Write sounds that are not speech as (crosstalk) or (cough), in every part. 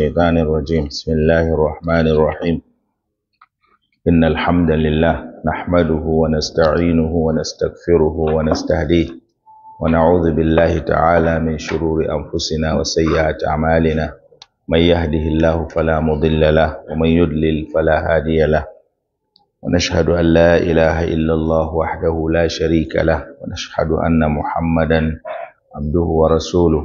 الشيطان الرجيم بسم الله الرحمن الرحيم إن الحمد لله نحمده ونستعينه ونستغفره ونستهديه ونعوذ بالله تعالى من شرور أنفسنا وسيئات أعمالنا من يهده الله فلا مضل له ومن يضلل فلا هادي له ونشهد أن لا إله إلا الله وحده لا شريك له ونشهد أن محمدا عبده ورسوله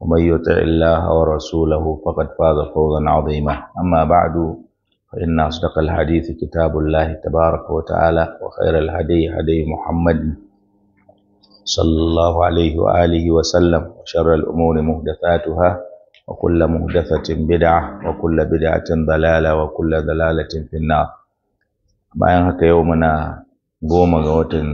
ومن يطع الله ورسوله فقد فاز فوزا عظيما أما بعد فإن أصدق الحديث كتاب الله تبارك وتعالى وخير الهدي هدي محمد صلى الله عليه وآله وسلم وشر الأمور مهدثاتها وكل مهدثة بدعة وكل بدعة ضلالة وكل ضلالة في النار bayan haka yau muna goma ga watan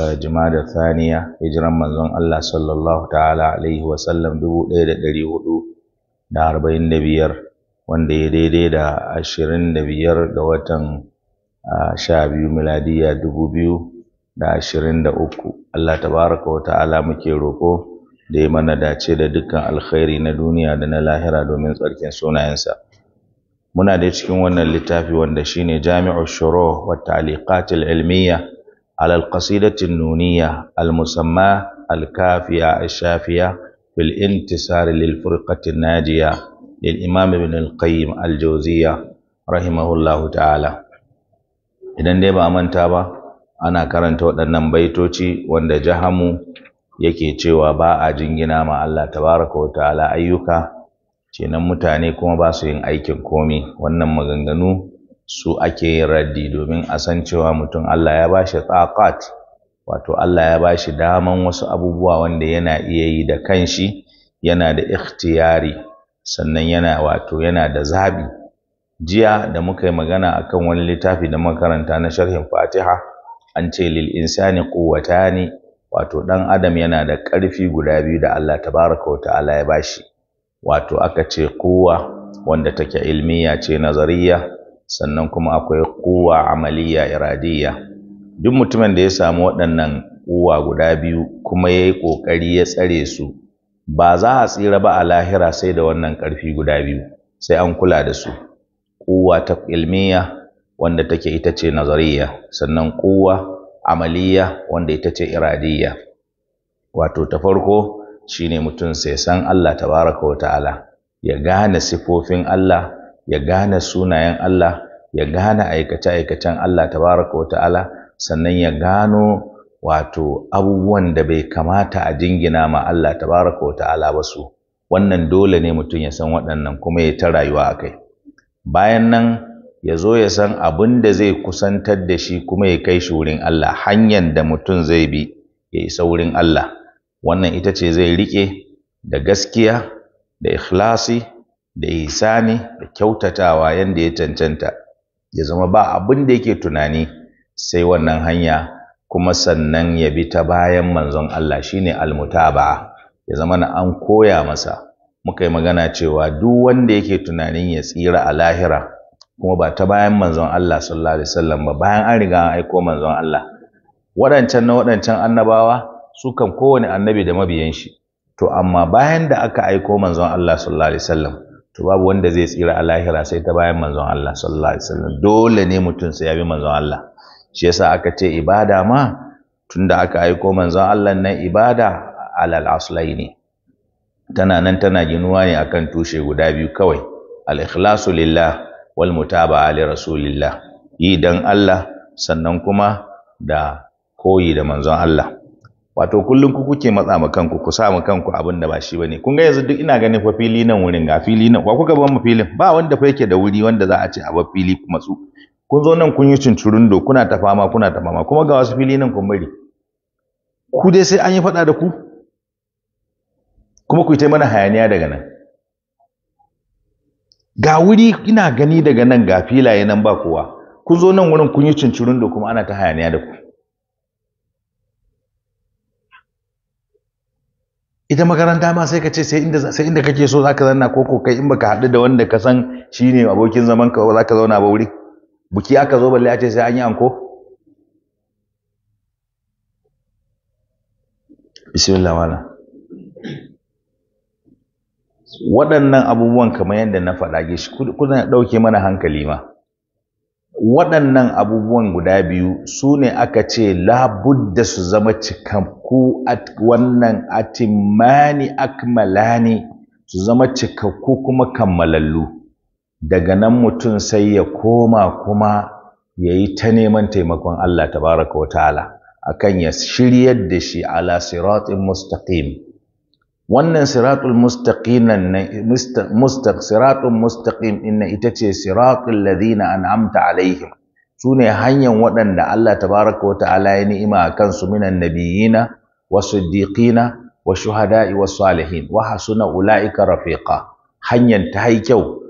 eh, da Saniya hijiran manzon Allah sallallahu ta'ala alaihi wa sallam dubu ɗaya da ɗari hudu da arba'in da biyar wanda ya daidai da ashirin da biyar ga watan sha biyu miladiya dubu biyu da ashirin da uku Allah tabaraka wa ta'ala muke roƙo da ya mana dace da dukkan alkhairi na duniya da na lahira domin tsarkin sunayensa. muna da cikin wannan littafi wanda shine jami'ul Shuruh wa Ta'liqat al-Ilmiyya ala al-Qasidati an-Nuniyya al-Musamma al-Kafiya ash-Shafiya fil intisar lil an-Najiya lil Imam Ibn al-Qayyim al-Jawziyya rahimahullahu ta'ala idan dai ba a manta ba ana karanta waɗannan baitoci wanda jahamu yake cewa ba a jingina ma Allah tabaraka wa ta'ala ayyuka kenan mutane kuma ba su yin aikin komai, wannan maganganu su ake yin raddi domin a san cewa mutum Allah ya bashi taqat wato Allah ya bashi daman wasu abubuwa wanda yana iya yi da kanshi yana da ikhtiyari sannan yana wato yana da zabi jiya da muka yi magana akan wani littafi da makaranta na sharhin Fatiha an ce lil insani quwwatani wato dan adam yana da ƙarfi guda biyu da Allah tabaraka wa ta'ala ya bashi wato aka ce kuwa wanda take ilmiya ce nazariya sannan kuma akwai kuwa amaliya iradiya duk mutumin da ya samu waɗannan kuwa guda biyu kuma ya yi ƙoƙari ya tsare su ba za a tsira ba a lahira sai da wannan ƙarfi guda biyu sai an kula da su kuwa ta ilmiya wanda take ita ce nazariya sannan kuwa amaliya wanda ita ce iradiya wato ta farko shine mutum sai san Allah tabaraka wa ta'ala ya gane sifofin Allah ya gane sunayen Allah ya gane aikace-aikacen Allah tabaraka wa ta'ala sannan ya gano wato abubuwan da bai kamata a jingina ma Allah tabaraka wa ta'ala ba su wannan dole ne mutum ya san waɗannan kuma ya ta rayuwa a kai bayan nan ya zo ya san abin da zai kusantar da shi kuma ya kai shi wurin Allah hanyar da mutum zai bi ya isa wurin Allah wannan ita ce zai riƙe da gaskiya da ikhlasi da isani da kyautatawa yadda ya cancanta ya zama ba abin da yake tunani sai wannan hanya kuma sannan ya bi ta bayan manzon Allah shine almutaba'a ya zama na an koya masa muka yi magana cewa duk wanda yake tunanin ya tsira a lahira kuma ba ta bayan manzon Allah sallallahu alaihi wasallam ba bayan an riga an aiko manzon Allah waɗancan na waɗancan annabawa Sukan kowane annabi da mabiyan shi to amma bayan da aka aiko manzon Allah sallallahu alaihi wasallam to babu wanda zai tsira a lahira sai ta bayan manzon Allah sallallahu alaihi wasallam dole ne mutum sai ya bi manzon Allah shi yasa aka ce ibada ma tunda aka aiko manzon Allah nan ibada alal aslaini tana nan tana ginuwa ne akan tushe guda biyu kawai al ikhlasu lillah wal mutaba'a li rasulillah yi dan Allah sannan kuma da koyi da manzon Allah wato kullum ku kuke matsa ma kanku ku sa ma kanku abin da ba shi bane kun ga yanzu duk ina ganin fa fili nan wurin ga fili nan ba kuka ba mu filin ba wanda fa yake da wuri wanda za a ce a bar fili kuma su kun zo nan kun yi do, kuna ta fama kuna ta fama kuma ga wasu fili nan kun bari ku dai sai an yi faɗa da ku kuma ku yi ta mana hayaniya daga nan ga wuri ina gani daga nan ga filaye nan ba kowa kun zo nan wurin kun yi do kuma ana ta hayaniya da ku ita makaranta ma sai ka ce sai inda sai inda kake so zaka zanna ko ko kai in baka haɗu da wanda ka san shine abokin zaman ka zaka zauna ba wuri buki aka zo balle a ce sai an yi anko bismillah wala waɗannan abubuwan kamar yadda na faɗa gishi kuna ɗauke mana hankali ma waɗannan abubuwan guda biyu su ne aka ce labudda su zama cikakku wannan atimani akmalani su zama cikakku kuma kammalallu daga nan mutum sai ya koma kuma ya yi ta neman taimakon Allah tabaraka wa ta'ala akan ya shiryar da shi ala siratin mustaqim wannan siratul mustaqinan na mustaq siratul mustaqim inna ita ce siratul ladina an'amta alaihim sune hanyar waɗanda Allah tabaraka wa ta'ala ya ni'ima a kansu minan nabiyina wasiddiqina wa shuhada'i wa salihin wa hasuna ulaika rafiqa hanyar ta hai kyau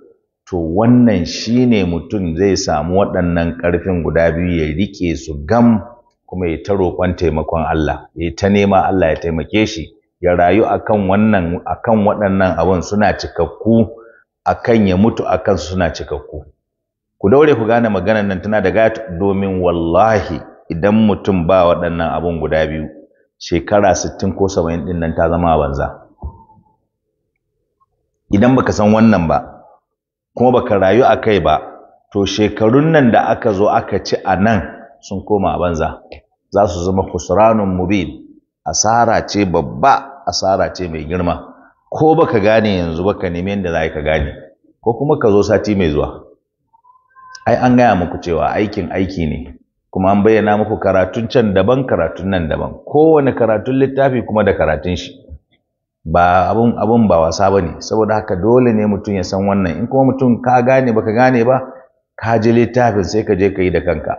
to wannan shine mutum zai samu waɗannan ƙarfin guda biyu ya rike su gam kuma ya ta roƙon taimakon Allah ya ta nema Allah ya taimake shi ya rayu akan wannan akan waɗannan abin suna cikakku akan ya mutu akan suna cikakku ku daure ku gane maganar nan tana da gata domin wallahi idan mutum ba waɗannan abin guda biyu shekara 60 ko 70 din nan ta zama banza idan baka san wannan ba kuma baka rayu a kai ba to shekarun nan da aka zo aka ci a nan sun koma banza za su zama husranun mubin asara ce babba asara ce mai girma ko baka gane yanzu baka nemi yadda za ka gane ko kuma ka zo sati mai zuwa ai an gaya muku cewa aikin aiki ne kuma an bayyana muku karatun can daban karatun nan daban kowane karatun littafi kuma da karatun shi ba abun abun ba wasa ba ne, saboda haka dole ne mutum ya san wannan in kuma mutum ka gane baka gane ba ka ji littafin sai ka je ka yi da kanka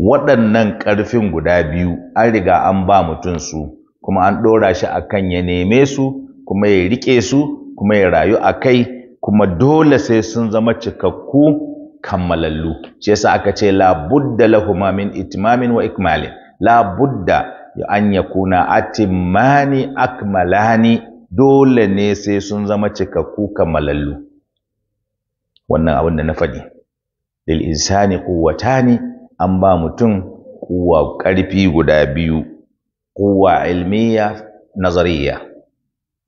waɗannan ƙarfin guda biyu an riga an ba mutum su kuma an ɗora shi a kan ya neme su kuma ya riƙe su kuma ya rayu a kai kuma dole sai sun zama cikakku kammalallu shi yasa aka ce la budda lahuma min itmamin wa ikmalin la budda an yakuna atimani akmalani dole ne sai sun zama cikakku kammalallu wannan abin da na faɗi lil insani quwwatani an ba mutum kuwa ƙarfi guda biyu wa ilmiya nazariya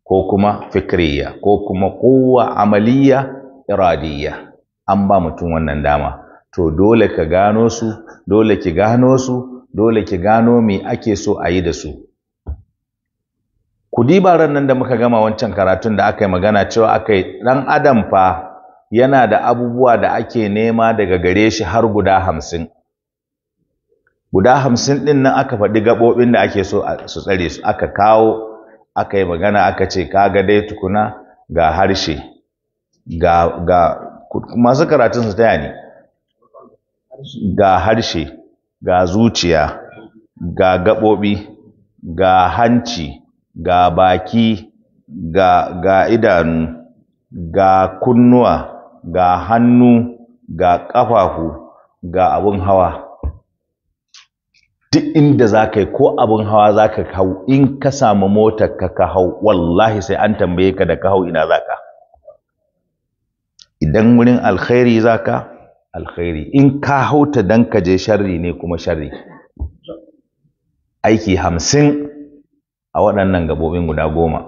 ko kuma fikriya ko kuma quwwa amaliya iradiya an ba mutum wannan dama to dole ka gano su dole ki gano su dole ki gano me ake so a yi da su ku diba nan da muka gama wancan karatun da aka yi magana cewa aka yi ɗan adam fa yana da abubuwa da ake nema daga gare shi har guda hamsin guda hamsin ɗin nan aka faɗi gaɓoɓin da ake so su tsare su aka kawo aka yi magana aka ce kaga dai tukuna ga harshe ga masu karatun su taya ne ga harshe ga zuciya ga gaɓoɓi ga hanci ga baki ga idanu ga kunnuwa ga hannu ga ƙafafu ga abun hawa duk inda za ka yi ko abin hawa za ka hau in ka samu mota ka ka hau wallahi sai an tambaye ka da ka hau ina za ka idan wurin alkhairi za ka alkhairi in ka hau ta dan ka je sharri ne kuma sharri aiki hamsin a waɗannan gabobin guda goma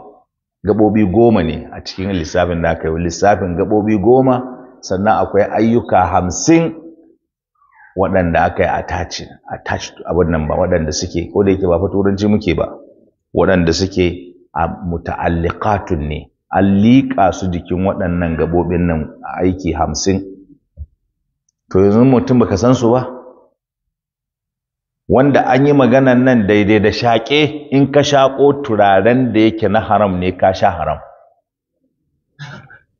gabobi goma ne a cikin lissafin da aka yi lissafin gabobi goma sannan akwai ayyuka hamsin waɗanda aka yi attached attached abin nan ba waɗanda suke ko da yake ba fa turanci muke ba waɗanda suke a muta'alliqatun ne an su jikin waɗannan gabobin nan a aiki hamsin to yanzu mutum baka san su ba wanda an yi maganan nan daidai da shaƙe in ka shaƙo turaren da yake na haram ne ka sha haram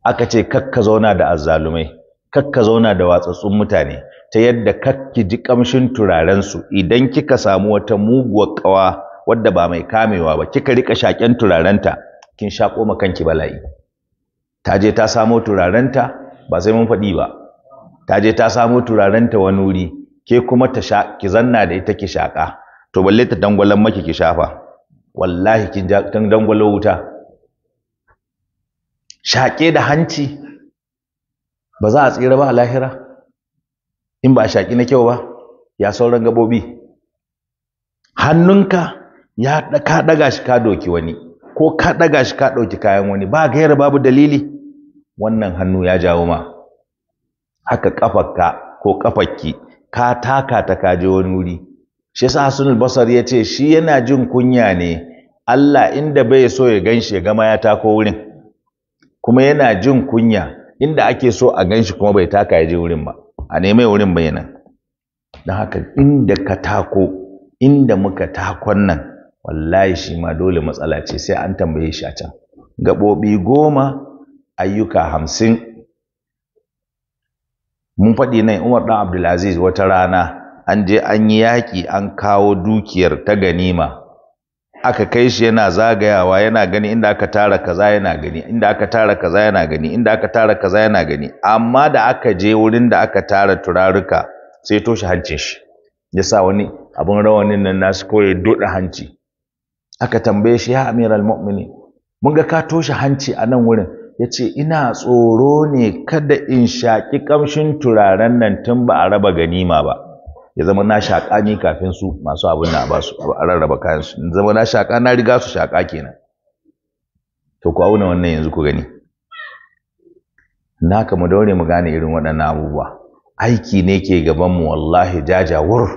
aka ce kakka zauna da azzalumai kakka zauna da watsatsun mutane ta yadda kakki ji kamshin su, idan kika samu wata muguwar kawa wadda ba mai kamewa ba kika rika shaken turarenta kin shako ma kanki bala'i ta je ta samo turarenta ba sai mun faɗi ba ta je ta samo turarenta wani wuri ke kuma ta sha ki zanna da ita ki shaka to balle ta dangwalan maki ki shafa wallahi kin ja dangwalo wuta Shake da hanci ba za a tsira ba a lahira in ba a na kyau ba ya sauran gabobi hannunka ya ka ɗaga shi ka doki wani ko ka ɗaga shi ka ɗauki kayan wani ba gaira babu dalili wannan hannu ya jawo ma haka ƙafarka ko ƙafarki ka taka ta ka je wani wuri shi yasa Hassanul Basar ya ce shi yana jin kunya ne Allah inda bai so ya ganshi ya gama ya tako wurin kuma yana jin kunya inda ake so a ganshi kuma bai taka ya je wurin ba a nemai wurin bayanan don haka inda ka tako inda muka takon nan wallahi shi ma dole matsala ce sai an tambaye shi a can gaɓoɓi goma ayyuka hamsin mun faɗi nan umar ɗan abdulaziz wata rana an je an yi yaƙi an kawo dukiyar ta ganima aka kai shi yana zagayawa yana gani inda aka tara kaza yana gani inda aka tara kaza yana gani inda aka tara kaza yana gani amma da aka je wurin da aka tara turaruka sai toshe hancin shi ya wani abin rawanin nan nasu koyi dodi hanci aka tambaye shi ya amiral mu'mini mun ga ka toshe hanci a nan wurin ya ce ina tsoro ne kada in shaƙi ƙamshin turaren nan tun ba a raba ganima ba ya zama na shaƙa ni kafin su masu abin na ba su rarraba kayan su zama na shaƙa na riga su shaka kenan to ku auna wannan yanzu ku gani na mu daure mu gane irin waɗannan abubuwa aiki ne ke gaban mu wallahi jajawur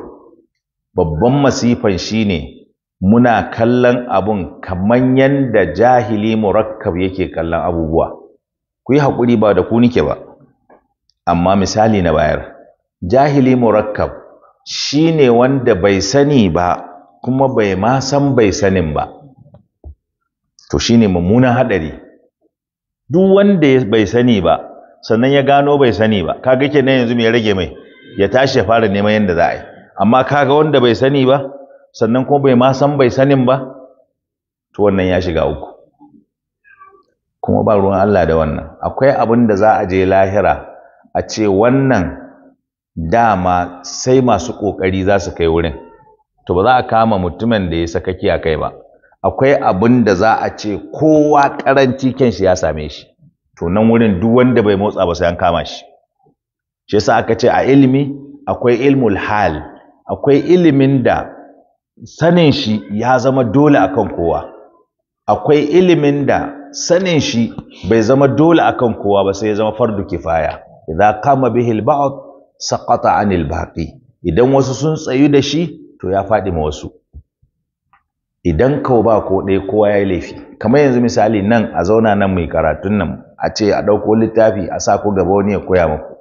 babban masifan shine muna kallon abun kaman yanda jahili murakkab yake kallon abubuwa ku yi haƙuri ba da ku nike ba amma misali na bayar jahili murakkab shi ne wanda bai sani ba kuma bai ma san bai sanin ba to shi ne mummunan haɗari duk wanda bai sani ba sannan ya gano bai sani ba kaga kenan yanzu me ya rage mai ya tashi ya fara neman yadda za a yi amma kaga wanda bai sani ba sannan kuma bai ma san bai sanin ba to wannan ya shiga uku kuma ba ruwan Allah da wannan akwai abin da za a je lahira a ce wannan dama sai masu ƙoƙari za su kai wurin to ba za a kama mutumin da ya sakaki a kai ba akwai abin da za a ce kowa ƙaranci kyan shi ya same shi to nan wurin duk wanda bai motsa ba sai an kama shi shi yasa aka ce a ilimi akwai ilmul hal akwai ilimin da sanin shi ya zama dole akan kowa akwai ilimin da sanin shi bai zama dole akan kowa ba sai ya zama fardu kifaya idza kama bihi al-ba'd saqata anil baqi idan wasu sun tsayu da shi to ya faɗi ma wasu idan kau ba ko ɗaya kowa ya yi laifi kamar yanzu misali nan a zauna nan mai karatun nan a ce a ɗauko littafi a sa ku gaba wani ya koya muku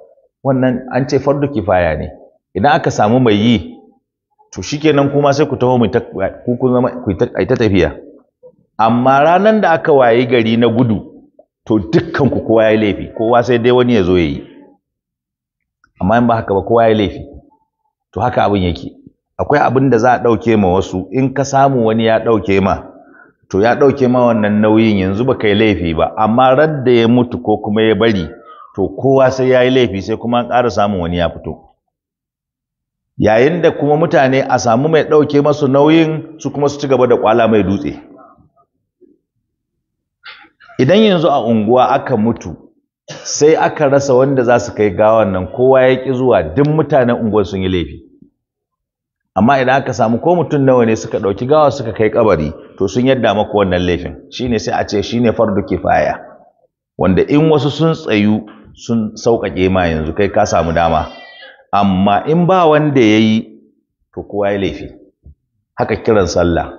wannan an ce fardu kifaya ne idan aka samu mai yi to shikenan kuma sai ku taho mu ku kun zama ku ta tafiya amma ranan da aka wayi gari na gudu to dukkan ku kowa ya laifi kowa sai dai wani ya zo ya yi amma in ba haka ba kowa ya laifi to haka abin yake akwai abin da za a ɗauke ma wasu in ka samu wani ya ɗauke ma to ya ɗauke ma wannan nauyin yanzu ba kai laifi ba amma radda ya mutu ko kuma ya bari to kowa sai ya yi laifi sai kuma an ƙara samun wani ya fito yayin da kuma mutane a samu mai ɗauke masu nauyin su kuma su ci gaba da kwala mai dutse idan yanzu a unguwa aka mutu sai aka rasa wanda za su kai gawan nan kowa ya ƙi zuwa duk mutanen unguwar sun yi laifi amma idan aka samu ko mutum nawa ne suka ɗauki gawa suka kai kabari to sun yadda maka wannan laifin shine sai a ce shine fardu kifaya wanda in wasu sun tsayu sun sauƙaƙe ma yanzu kai ka samu dama amma in ba wanda ya yi to kowa ya laifi haka kiran sallah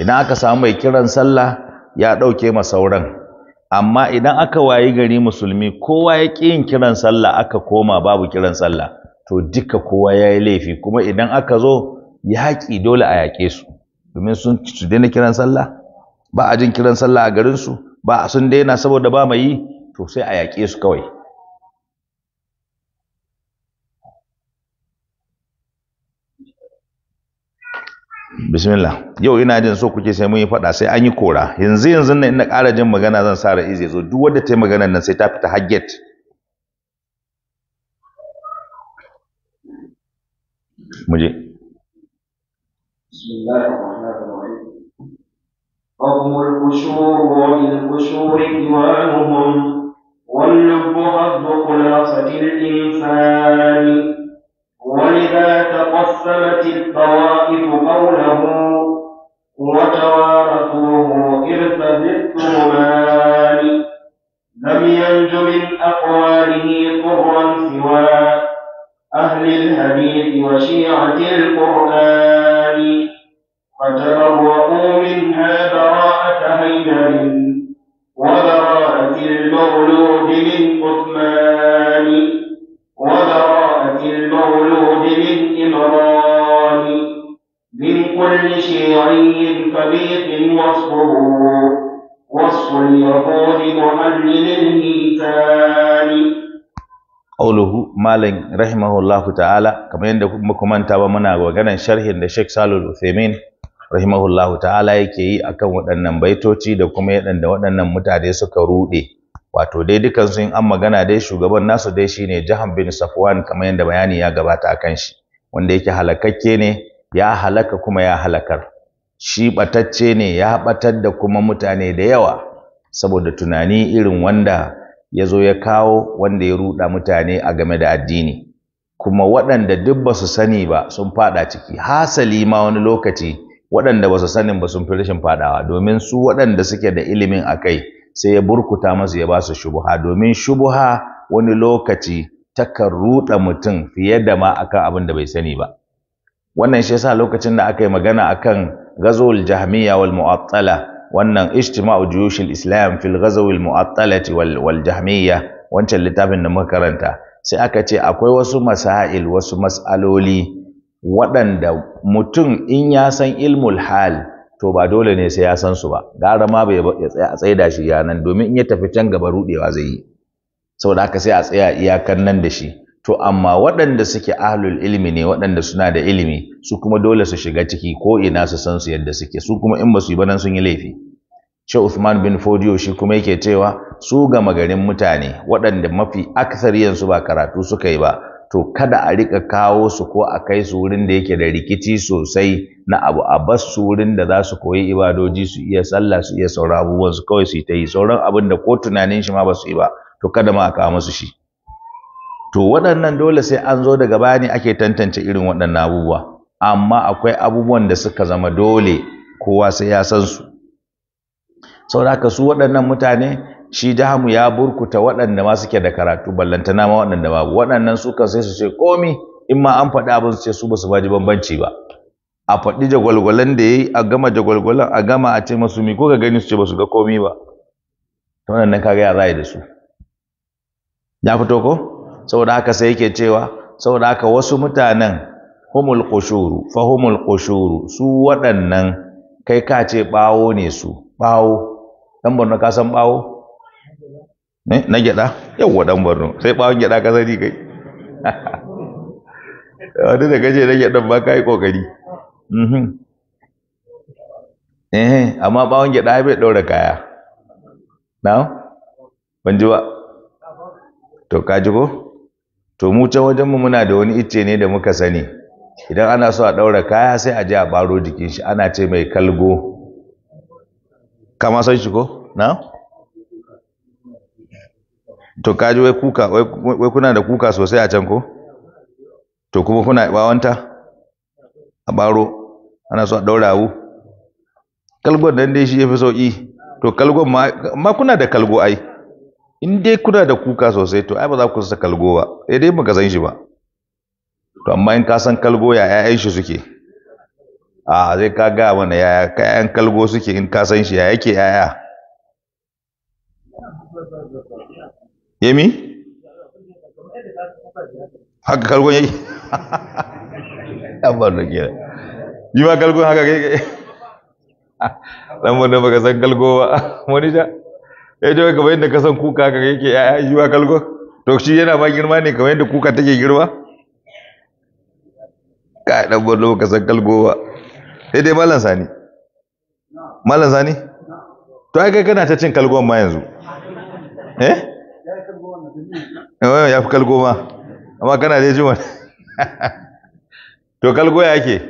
idan aka samu mai kiran sallah ya ɗauke ma sauran amma idan aka wayi gari musulmi kowa ya ƙi yin kiran sallah aka koma babu kiran sallah to duka kowa ya yi laifi kuma idan aka zo yaƙi dole a yaƙe su domin sun su daina kiran sallah ba a jin kiran sallah a garinsu ba sun daina saboda ba mai yi to sai a yaƙe su kawai bismillah yau ina jin so kuke sai mun yi faɗa sai an yi kora yanzu yanzu ne ina ƙara jin magana zan sa ra'iz ya zo duk wanda ta yi maganar nan sai ta fita hajjet mu je حكم القشور وللقشور ديوانهم والنبض قلاصة الإنسان وإذا تقسمت الطوائف قوله وتوارثوه إرث بالطغمان لم ينج من أقواله طرا سوى أهل الحديث وشيعة القرآن فتبرؤوا منها براءة هيمن وبراءة المولود من عثمان كل شيعي كبير وصفه وصف اليهود مهلل الميزان qauluhu malam rahimahullahu ta'ala kamar yadda muka manta ba muna maganar sharhin da Sheikh Salul Uthaymeen rahimahullahu ta'ala yake yi akan waɗannan baitoci da kuma yadda waɗannan mutane suka rude wato dai dukan su an magana dai shugaban nasu dai shine Jahan bin Safwan kamar yadda bayani ya gabata akan shi wanda yake halakakke ne ya halaka kuma ya halakar shi batacce ne ya batar da kuma mutane da yawa saboda tunani irin wanda ya zo ya kawo wanda ya ruɗa mutane a game da addini kuma waɗanda duk ba su sani ba sun faɗa ciki hasali ma wani lokaci waɗanda ba su sanin ba sun fi rashin faɗawa domin su waɗanda suke da ilimin a kai sai ya burkuta masu ya ba su shubuha domin shubuha wani lokaci takan ruɗa mutum fiye da ma akan abin da bai sani ba wannan shi yasa lokacin da aka yi magana akan ghazwul jahmiya wal mu'attala wannan ijtima'u juyushil islam fil ghazwil mu'attalati wal jahmiya wancan littafin da muka karanta sai aka ce akwai wasu masail wasu mas'aloli waɗanda mutum in ya san ilmul hal to ba dole ne sai ya san su ba gara ma bai ya tsaida shi yanan domin in ya tafi can gaba rudewa zai yi saboda haka sai a tsaya iyakan nan da shi to amma waɗanda suke ahlul ilimi ne waɗanda suna da ilimi su kuma dole su shiga ciki ko ina su san su yadda suke su kuma in ba su yi ba nan sun yi laifi ce Uthman bin Fodiyo shi kuma yake cewa su ga garin mutane waɗanda mafi aksariyan su ba karatu suka yi ba to kada a rika kawo su ko a kai su wurin da yake da rikici sosai na abu a bas su wurin da za su koyi ibadoji su iya sallah su iya sauran abubuwan su kawai su yi ta yi sauran abin da ko tunanin shi ma ba su yi ba to kada ma a kawo musu shi to waɗannan dole sai an zo daga baya ne ake tantance irin waɗannan abubuwa amma akwai abubuwan da suka zama dole kowa sai ya san su saboda haka su waɗannan mutane shi Jihamu ya burkuta waɗanda ma suke da karatu ballantana ma waɗanda babu waɗannan su sai su ce komi in ma an faɗi abin su ce su ba su baji bambanci ba a faɗi jagwalgwalan da ya yi a gama jagwalgwalan a gama a ce masu mi ko ka gani su ce ba su ga komi ba ta kaga ya za da su ya fito ko saboda haka sai yake cewa saboda haka wasu mutanen humul qushuru fa humul qushuru su waɗannan kai ka ce bawo ne su bawo dan Borno ka san bawo ne na gyada yawa dan Borno sai bawon gyada ka sani kai (laughs) wani da kace na gyadan ba kai kokari mhm eh amma bawon gyada bai daura kaya na ban ji ba to ka ji ko to mu can wajen mu muna da wani icce ne da muka sani idan ana so a ɗaura kaya sai a je a baro jikin shi ana ce mai kalgo kama san shi ko na to kaji wai kuka wai kuna da kuka sosai a can ko to kuma kuna bawanta a baro ana so a ɗaura wu kalgon nan dai shi ya fi sauƙi to kalgon ma kuna da kalgo ai in dai kuna da kuka sosai to ai ba za ku sa kalgo ba eh dai muka san shi ba to amma in ka san kalgo ya ƴaƴan shi suke a zai ka ga mana yaya ƴaƴan kalgo suke in ka san shi ya yake yaya yemi haka kalgo yake abba da ke yi ma kalgo haka kai kai dan (laughs) da baka san kalgo ba wani ja ya eh, je kamar yadda ka san kuka ka yake ya yi wa kalgo to shi yana ma girma ne kamar yadda kuka take girma ka dan ballo ka san kalgo ba sai eh, dai mallan sani mallan sani to ai kai kana ta cin kalgon ma yanzu eh, eh ya fi kalgo ma amma kana dai jin wani (laughs) to kalgo ya ake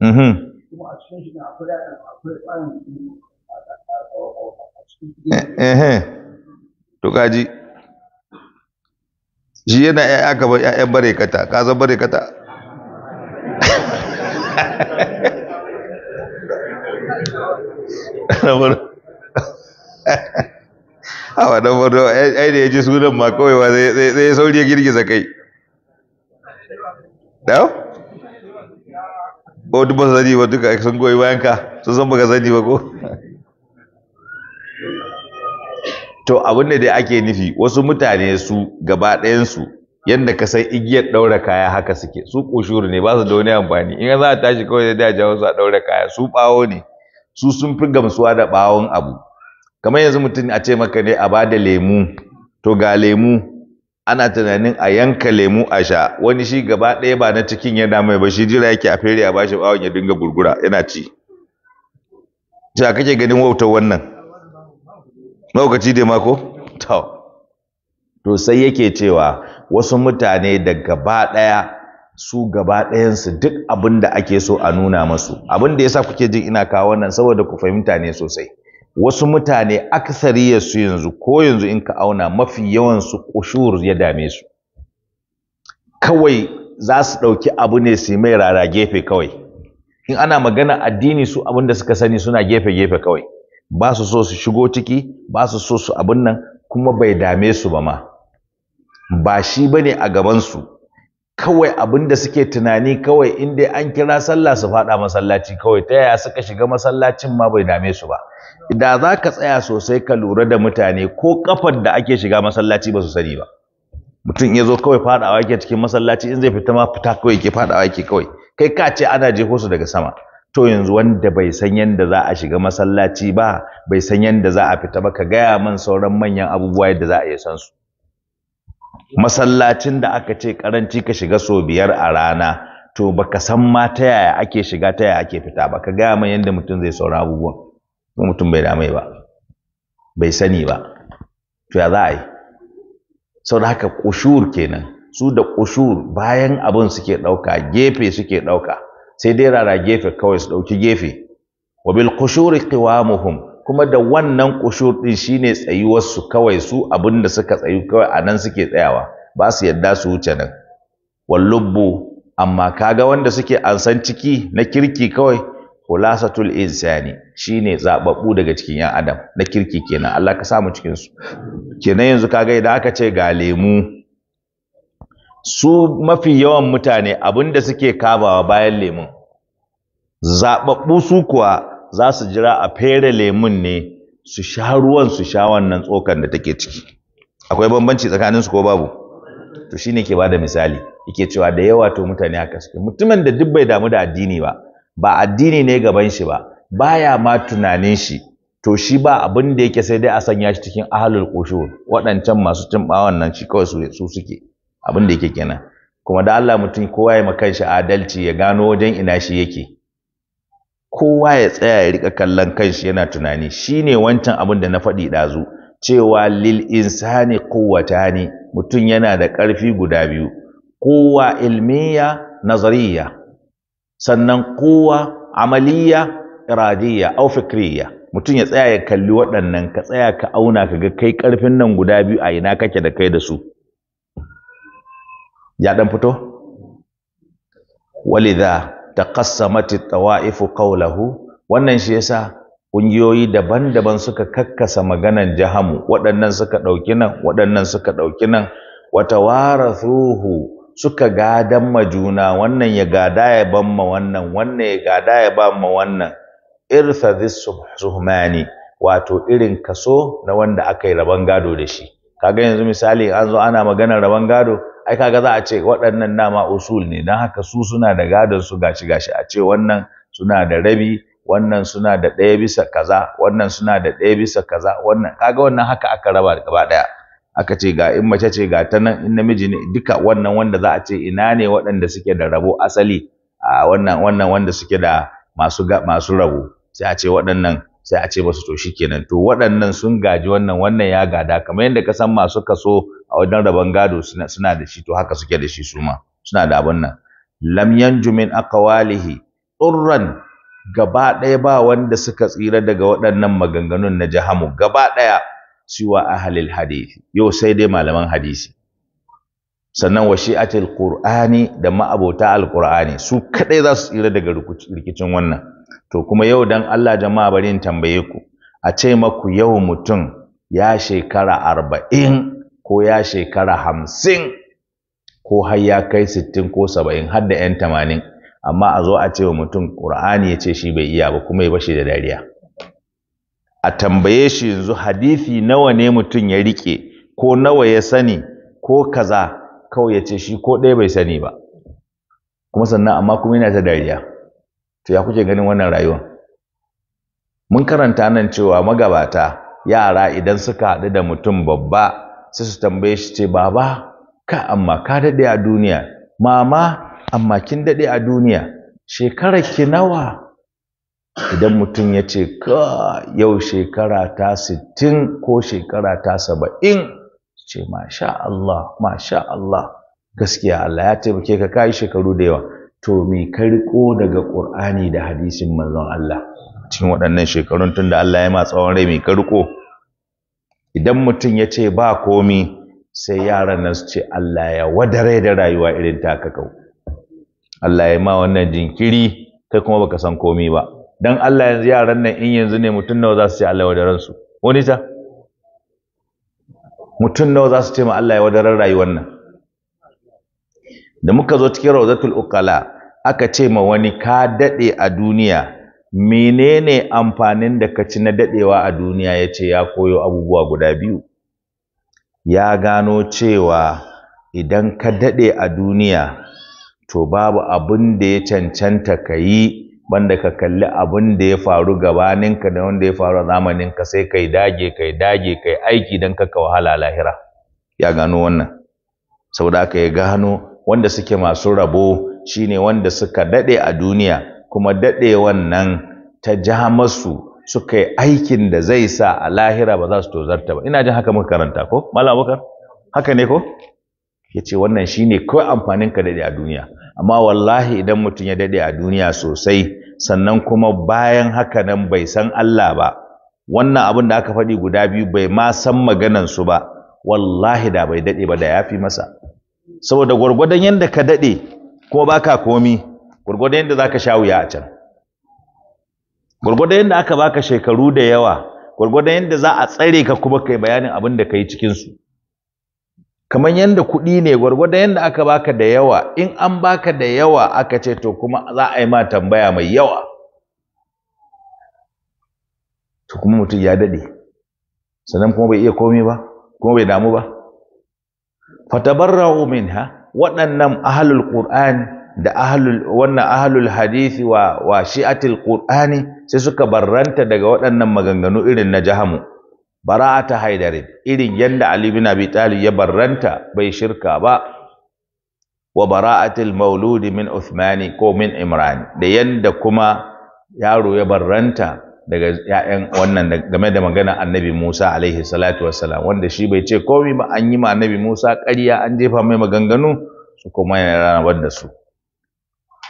mm-hmm. kuma a cikin shi akwai akwai tsarin ehe eh. to kaji shi yana ƴaƴa ka bar ƴaƴan bare kata ka san bare kata awa dan ai da ya ji sunan ma kawai wa zai sauri ya girgiza kai dawo ba wadda ba su sani ba duka sun goyi bayan ka sun san baka sani ba ko to abin da dai ake nufi wasu mutane su gaba ɗayansu yadda ka san igiyar ɗaura kaya haka suke su ƙoshuru ne ba su da wani amfani in za a tashi kawai da jawo su a ɗaura kaya su ɓawo ne su sun fi gamsuwa da ɓawon abu kamar yanzu mutum a ce maka ne a ba da lemu to ga lemu ana tunanin a yanka lemu a sha wani shi gaba ɗaya ba na cikin yana mai ba shi jira yake a fere a bashi bawon ya dinga gurgura yana ci ja kake ganin wautar wannan lokaci da mako to to sai yake cewa wasu mutane da gaba ɗaya su gaba ɗayansu duk abin da ake so a nuna masu abin da yasa kuke jin ina kawo wannan saboda ku fahimta ne sosai wasu mutane su yanzu ko yanzu in ka auna mafi yawansu kushur ya dame su kawai za su ɗauki abu ne su mai rara gefe kawai in ana magana addini su abin da suka sani suna gefe gefe kawai ba su so su shigo ciki ba su so su abin nan kuma bai dame su ba ma ba shi ba ne a gabansu kawai abin da suke tunani kawai in dai an kira sallah su faɗa masallaci kawai ta yaya suka shiga masallacin ma bai dame su ba da za ka tsaya sosai ka lura da mutane ko kafar da ake shiga masallaci ba su sani ba mutum ya zo kawai fadawa yake cikin masallaci in zai fita ma fita kawai ke fadawa yake kawai kai ka ce ana jefo su daga sama to yanzu wanda bai san yadda za a shiga masallaci ba bai san yadda za a fita ba ka gaya min sauran manyan abubuwa yadda za a iya san su masallacin da aka ce karanci ka shiga so biyar a rana to baka san ma ta yaya ake shiga ta yaya ake fita ba ka gaya min yadda mutum zai sauran abubuwan mutum bai damai ba bai sani ba to ya za a yi sau da haka ƙushur kenan su da ƙushur bayan abin suke ɗauka gefe suke ɗauka sai dai rara gefe kawai su ɗauki gefe wa bil ƙushuri qiwamuhum kuma da wannan ƙushur ɗin shine tsayuwarsu kawai su abin da suka tsayu kawai a nan suke tsayawa ba su yadda su wuce nan wallubbu amma kaga wanda suke ansan ciki na kirki kawai khulasatul insani shine zababbu daga cikin yan adam na kirki kenan Allah ka samu cikin su kenan yanzu kaga idan aka ce ga lemu su mafi yawan mutane abinda suke kabawa bayan lemun zababbu su kuwa za su jira a fere lemun ne su sha ruwan su sha wannan tsokan da take ciki akwai bambanci tsakanin su ko babu to shine ke bada misali yake cewa da yawa to mutane aka suke mutumin da duk bai damu da addini ba ba addini ne gaban shi ba baya ma tunanin shi to shi ba abin da yake sai dai a sanya shi cikin ahlul qushur waɗancan masu cin bawan nan shi kawai su su suke abin da yake kenan kuma da Allah mutum kowa ya maka shi adalci ya gano wajen ina shi yake kowa ya tsaya ya rika kallon kanshi yana tunani shine wancan abin da na faɗi ɗazu cewa lil insani quwwatani mutum yana da ƙarfi guda biyu kowa ilmiya nazariya sannan kowa amaliya iradiyya au fikriya mutum ya tsaya ya kalli waɗannan ka tsaya ka auna ka ga kai ƙarfin nan guda biyu a ina kake da kai da su ya dan fito walidha taqassamat tawa'ifu tawaif qawlahu wannan shi yasa kungiyoyi daban-daban suka kakkasa maganan jahamu waɗannan suka ɗauki nan waɗannan suka ɗauki nan tawarathuhu suka gadan ma juna wannan ya gada ya ban ma wannan wannan ya gada ya ban ma wannan irsa this wato irin kaso na wanda aka yi rabon gado da shi kaga yanzu misali an zo ana maganar rabon gado ai kaga za a ce waɗannan nama usul ne don haka su suna da gadon su gashi gashi a ce wannan suna da rabi wannan suna da ɗaya bisa kaza wannan suna da ɗaya bisa kaza wannan kaga wannan haka aka raba gaba ɗaya aka ce ga in mace ce ga ta nan in namiji ne duka wannan wanda za a ce ina ne waɗanda suke da rabo asali a wannan wannan wanda suke da masu masu rabo sai a ce waɗannan sai a ce basu to kenan. to waɗannan sun gaji wannan wannan ya gada kamar yadda ka san masu kaso a wajen rabon gado suna suna da shi to haka suke da shi su ma suna da abin nan lam yanju min aqwalihi turran gaba ɗaya ba wanda suka tsira daga waɗannan maganganun na jahamu gaba ɗaya siwa ahalil Hadithi, yau sai dai malaman hadisi sannan wa shi'atil qur'ani da ma'abota alqur'ani su kadai za su tsira daga rikicin wannan to kuma yau dan Allah jama'a bari in tambaye ku a ce maku yau mutum ya shekara arba'in ko ya shekara hamsin ko har ya kai sittin ko saba'in har da yan tamanin amma a zo a ce wa mutum qur'ani ya ce shi bai iya ba kuma ya bashi da dariya a tambaye shi yanzu hadisi nawa ne mutum ya rike ko nawa ya sani ko kaza kawai ya ce shi ko ɗaya bai sani ba kuma sannan amma kuma yana ta dariya to ya kuke ganin wannan rayuwa? mun karanta nan cewa magabata yara idan suka haɗu da mutum babba sai su tambaye shi ce baba ka amma ka daɗe a duniya mama amma kin daɗe a duniya shekarar ki nawa idan mutum ya ce ka yau shekara ta sittin ko shekara ta saba'in ce masha Allah masha Allah gaskiya Allah ya taimake ka kayi shekaru da yawa to me ka riko daga Qur'ani da hadisin manzon Allah cikin waɗannan shekarun tun da Allah ya ma tsawon rai me ka riko idan mutum ya ce ba komi sai yaran nan su ce Allah ya wadare da rayuwa irin taka kau Allah ya ma wannan jinkiri kai kuma baka san komi ba dan Allah yanzu yaran nan in yanzu ne mutum nawa za su ce Allah ya wadaran su wani ta mutum nawa za su ce ma Allah ya wadaran rayuwar nan da muka zo cikin rawzatul uqala aka ce ma wani ka dade a duniya menene amfanin da ka ci na dadewa a duniya ya ce ya koyo abubuwa guda biyu ya gano cewa idan ka dade a duniya to babu abin da ya cancanta ka yi banda ka kalli abin da ya faru gabaninka da wanda ya faru a ka, sai kai dage kai dage kai aiki don kaka wahala lahira ya gano wannan saboda aka ya gano wanda suke masu rabo shine wanda suka daɗe a duniya kuma daɗewan wannan ta ja masu suka yi aikin da zai sa a lahira ba za su tozarta ba ina jin haka muka karanta ko malam haka ne ko ya ce wannan shine kawai amfaninka daɗe a duniya amma wallahi idan mutum ya dade a duniya sosai sannan kuma bayan haka nan bai san Allah ba wannan abin da aka faɗi guda biyu bai ma san maganan su ba wallahi da bai dade ba da yafi masa saboda gwargwadon yadda ka dade ko baka komi gwargwadon yadda zaka sha wuya a can gwargwadon yadda aka baka shekaru da yawa gwargwadon yadda za a tsare ka kuma kai bayanin abin da kai cikin su kamar yadda kuɗi ne gwargwadon yadda aka baka da yawa in an baka da yawa aka ce to kuma za a yi ma tambaya mai yawa to kuma mutum ya daɗe sannan kuma bai iya komi ba kuma bai damu ba fatabarra'u minha waɗannan ahlul qur'an da ahlul wannan ahlul hadisi wa wa shi'atil qur'ani sai suka barranta daga waɗannan maganganu irin na jahamu bara'ata haidarin irin yadda Ali bin Abi Talib ya barranta bai shirka ba wa bara'atil mauludi min Uthmani ko min Imran da yadda kuma yaro ya barranta daga yayan wannan game da magana Annabi Musa alaihi salatu wassalam wanda shi bai ce komai ba an yi ma Annabi Musa ƙarya an jefa mai maganganu su kuma yana ranar da su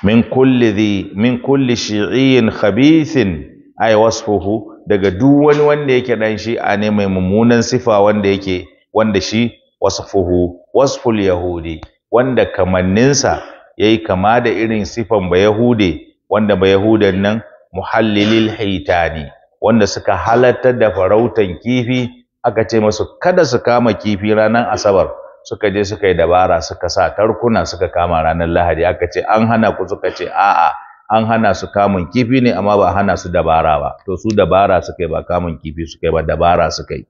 min kulli min kulli shi'in khabithin ay wasfuhu daga duk wani wanda yake dan shi'a ne mai mummunan sifa wanda yake wanda shi wasfuhu wasful yahudi wanda kamanninsa yayi kama da irin sifan ba yahude wanda ba yahudan nan muhallilil haitani wanda suka halatta da farautan kifi aka ce masu kada su kama kifi ranar asabar suka je suka yi dabara suka sa tarkuna suka kama ranar lahadi aka ce an hana ku suka ce a'a an hana su kamun kifi ne amma ba hana su dabara ba to su dabara suka yi ba kamun kifi suka yi ba dabara suka yi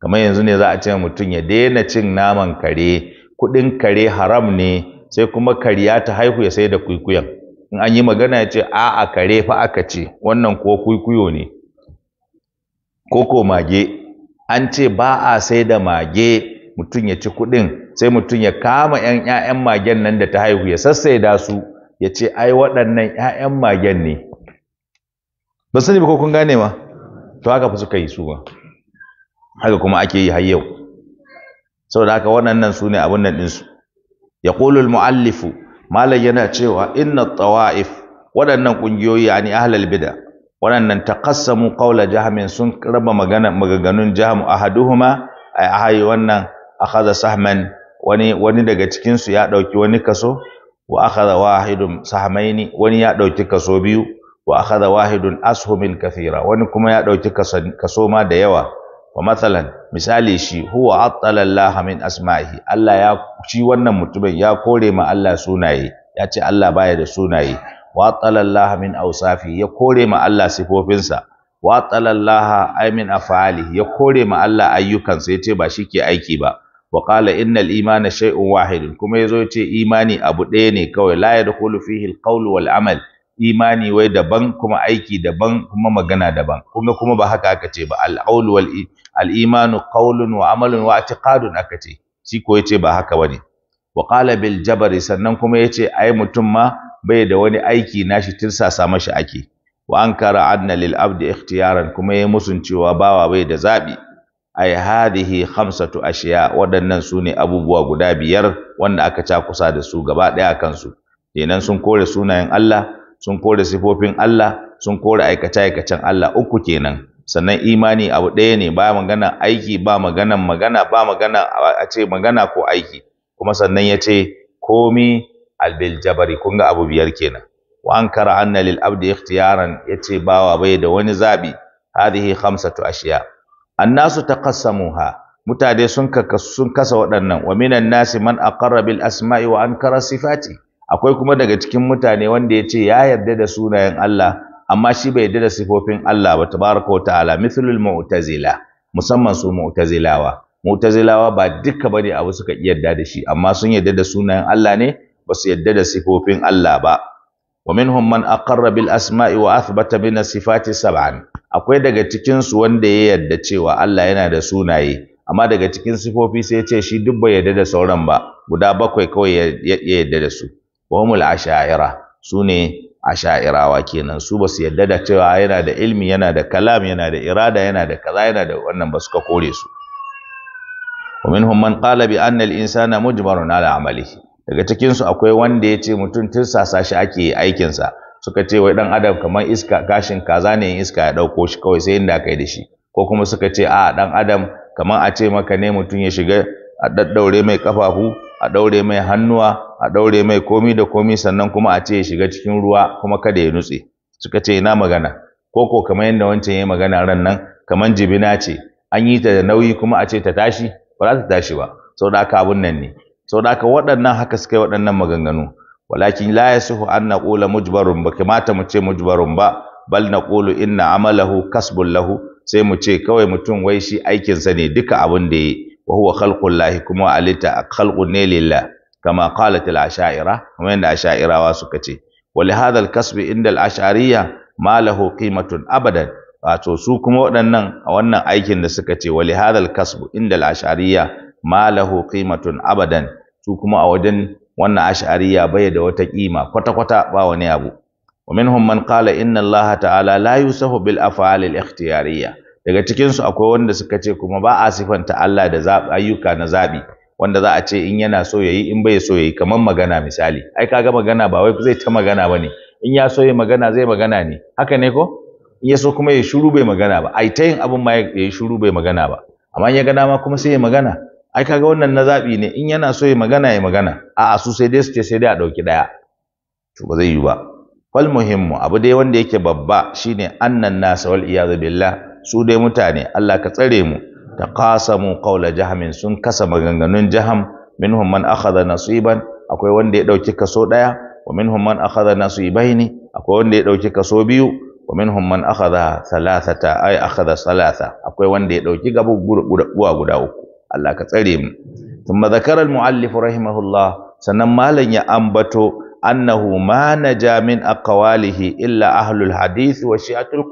kamar yanzu ne za a ce mutum ya daina cin naman kare kuɗin kare haram ne sai kuma kariya ta haihu ya sai da kuikuyan in an yi magana ya ce a'a kare fa aka ce wannan ko kuikuyo ne koko mage an ce ba a sai da mage mutum ya ci kuɗin sai mutum ya kama 'yan 'ya'yan magen nan da ta haihu ya sassaida su ya ce ai waɗannan 'ya'yan magen ne ba sani ba ko kun gane ma to haka fa suka yi su ba. haka kuma ake yi har yau saboda haka waɗannan su ne abin nan ɗinsu ya ƙulul mu'allifu malam yana cewa inna tawa'if waɗannan ƙungiyoyi yani ahlal bida waɗannan taqassamu qawla jahmin sun raba magana magaganun jahmu ahaduhuma ai ahayi wannan akhadha sahman wani wani daga cikin su ya ɗauki wani kaso wa akhadha wahidun sahamaini wani ya dauki kaso biyu wa akhadha wahidun ashumin kathira wani kuma ya dauki kaso ma da yawa wa mathalan misali shi huwa attala Allah min asma'ihi Allah ya shi wannan mutumin ya kore ma Allah sunaye ya ce Allah baya da sunaye wa attala Allah min awsafi ya kore ma Allah sifofinsa wa attala Allah ay min af'alihi ya kore ma Allah ayyukansa ce ba shi ke aiki ba wa qala innal imana shay'un wahidun kuma yazo yace imani abu ɗaya ne kawai la yadkhulu fihi alqawlu wal amal imani wai daban kuma aiki daban kuma magana daban kunga kuma ba haka aka ce ba alqawlu wal al-imanu qawlun wa amalun wa i'tiqadun aka ce shi ko yace ba haka bane wa qala bil sannan kuma yace ai mutum ma bai da wani aiki nashi tirsasa mashi ake wa ankara anna lil abdi ikhtiyaran kuma yayi musun cewa bawa bai da zabi ay hadhihi khamsatu ashiya waɗannan su ne abubuwa guda biyar wanda aka ca kusa da su gaba ɗaya kansu kenan sun kore sunayen Allah sun kore sifofin Allah sun kore aikace-aikacen Allah uku kenan sannan imani abu ɗaya ne ba magana aiki ba magana magana ba magana a ce magana ko aiki kuma sannan ya ce komi albil jabari kun ga abu biyar kenan wa ankara anna lil abdi ikhtiyaran yace bawa bai da wani zabi hadhihi khamsatu ashiya annasu taqassamuha mutane sun sun kasa waɗannan wa minan nasi man aqarra bil asma'i wa ankara sifati akwai kuma daga cikin mutane wanda ya ce ya yarda da sunayen Allah amma shi bai yarda da sifofin Allah ba tabaraka wa ta'ala mithlul mu'tazila musamman su mu'tazilawa mu'tazilawa ba duka bane abu suka yarda da shi amma sun yarda da sunayen Allah ne ba su yarda da sifofin Allah ba ومنهم Asma'i أقر بالأسماء ta من الصفات سبعا akwai daga cikinsu wanda ya yarda cewa Allah yana da sunaye amma daga cikin sifofi sai ya ce shi duk bai yarda da sauran ba guda bakwai kawai ya yarda da su wa humul asha'ira sune asha'irawa kenan su basu yarda da cewa yana da ilmi yana da kalam yana da irada yana da kaza yana da wannan ba suka kore su ومنهم من قال بأن الإنسان مجبر على عمله daga cikinsu akwai wanda ya ce mutum sasa shi ake aikinsa suka ce wai dan adam kamar iska gashin kaza ne iska ya ɗauko shi kawai sai inda kai yi da shi ko kuma suka ce a dan adam kamar a ce maka ne mutum ya shiga a daddaure mai kafafu a daure mai hannuwa a daure mai komi da komi sannan kuma a ce ya shiga cikin ruwa kuma kada ya nutse suka ce ina magana ko ko kamar yadda wancan ya magana ran nan kamar jibina ce an yi ta da nauyi kuma a ce ta tashi ba za ta tashi ba sau haka abun nan ne Sau haka waɗannan haka suka yi waɗannan maganganu walakin la yasuhu an naqula mujbarun ba kamata mu ce mujbarun ba bal naqulu inna amalahu kasbun lahu sai mu ce kawai mutum wai shi aikinsa ne duka abin da yi wa huwa khalqul lahi kuma alita khalqun ne lillah kama qalat al ash'ira kuma yanda ash'irawa suka ce wa li hadha al kasbi inda al ash'ariyya ma lahu qimatun abadan wato su kuma waɗannan a wannan aikin da suka ce wa li hadha al kasbu inda al ma lahu qimatun abadan su kuma a wajen wannan ash'ariya bai da wata kima kwata kwata ba wani abu wa minhum man qala inna allaha ta'ala la yusahu bil af'al al ikhtiyariyya daga cikin su akwai wanda suka ce kuma ba a sifanta Allah da ayyuka na zabi wanda za a ce in yana so yayi in bai so yayi kamar magana misali ai kaga magana ba wai zai ta magana bane in ya so yayi magana zai magana ne haka ne ko in ya so kuma ya shiru bai magana ba ai ta yin abin ma ya shuru bai magana ba amma in ya ga dama kuma sai ya magana ai kaga wannan na zabi ne in yana so ya magana ya magana a'a su sai dai su ce sai dai a dauki daya to ba zai yi ba fal muhimmu abu dai wanda yake babba shine annan nas wal iyad billah su dai mutane Allah ka tsare mu ta taqasamu qawla jahamin sun kasa maganganun jaham minhum man akhadha nasiban akwai wanda ya dauki kaso daya wa minhum man akhadha nasibaini akwai wanda ya dauki kaso biyu wa minhum man akhadha thalathata ay akhadha thalatha akwai wanda ya dauki gabu guda uku Allah ka tsare mu thumma zakara al-muallif rahimahullah sannan malan ya ambato annahu ma naja min aqwalihi illa ahlul hadith wa shi'atul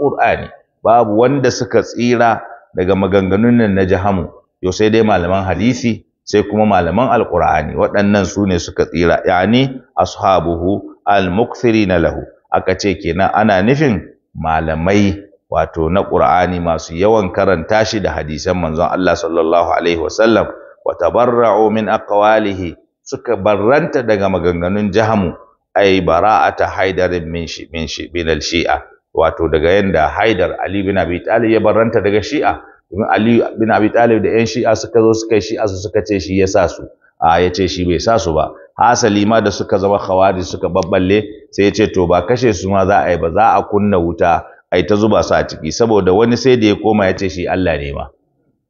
babu wanda suka tsira daga maganganun nan na jahamu yo sai dai malaman hadisi sai kuma malaman alqur'ani waɗannan su ne suka tsira yani ashabuhu al na lahu aka ce kenan ana nufin malamai wato na Qur'ani masu yawan karanta shi da hadisan manzon Allah sallallahu alaihi wasallam wa tabarra'u min aqwalihi suka barranta daga maganganun jahamu ay bara'ata haidarin min shi min shi min al-shi'a wato daga yanda Haidar Ali bin Abi Talib ya barranta daga Shi'a domin Ali bin Abi Talib da yan Shi'a suka zo suka yi Shi'a su suka ce shi ya sa su a ya ce shi bai sa su ba hasali ma da suka zama khawari suka babballe sai ya ce to ba kashe su ma za a yi ba za a kunna wuta ai ta zuba su a ciki saboda wani sai da ya koma ya ce shi Allah ne ma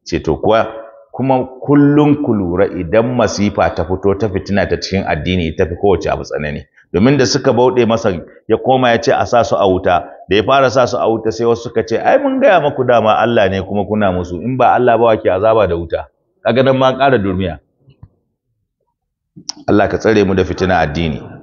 ce to kuwa kuma kullun ku lura idan masifa ta fito ta fitina ta cikin addini ta fi kowace abu tsanani domin da suka bauɗe masa ya koma ya ce a sa su a wuta da ya fara sa su a wuta sai wasu suka ce ai mun gaya maku dama Allah ne kuma kuna musu in ba Allah ba wake azaba da wuta kaga nan ma ƙara durmiya Allah ka tsare mu da fitina addini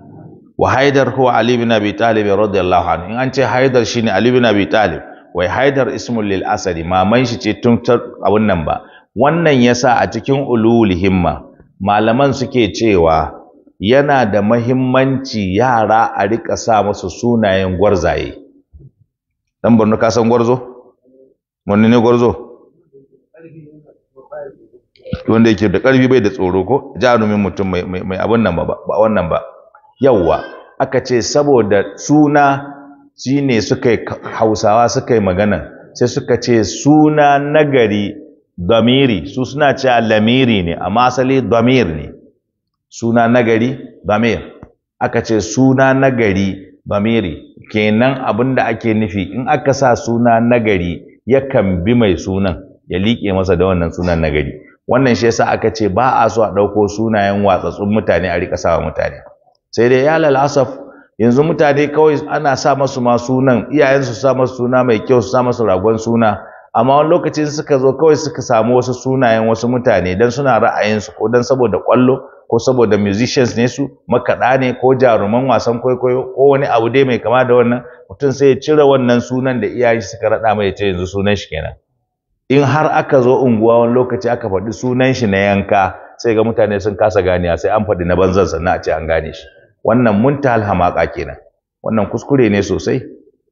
wa haidar huwa ali bin abi talib radiyallahu anhu in an ce haidar shine ali bin abi talib wai haidar ismul lil asadi maman shi ce tun abun nan ba wannan yasa a cikin ulul himma malaman suke cewa yana da mahimmanci yara a rika sa musu sunayen gwarzaye dan Borno ka san gwarzo wanne ne gwarzo wanda yake da karfi bai da tsoro ko jarumin mutum mai abun nan ba ba wannan ba yauwa aka ce saboda suna shi ne suka hausawa suka yi magana sai suka ce suna nagari damiri su suna ce lamiri ne a masali damir ne suna nagari damir aka ce suna nagari damiri kenan abin da ake nufi in aka sa suna nagari yakan bi mai sunan ya liƙe masa da wannan sunan nagari wannan shi yasa aka ce ba a so a ɗauko sunayen watsatsun mutane a riƙa sawa mutane sai dai ya lalasaf yanzu mutane kawai ana sa masu ma sunan iyayensu sa masu suna mai kyau su sa masu ragon suna amma wani lokacin suka zo kawai suka samu wasu sunayen wasu mutane dan suna ra'ayinsu ko dan saboda kwallo ko saboda musicians ne su makaɗa ne ko jaruman wasan kwaikwayo ko wani abu dai mai kama da wannan mutum sai ya cire wannan sunan da iyayen suka raɗa mai ya ce yanzu sunan shi kenan in har aka zo unguwa wani lokaci aka faɗi sunan shi na yanka sai ga mutane sun kasa ganiya sai an faɗi na banzan sannan a ce an gane shi wannan muntahal hamaka kenan wannan kuskure ne sosai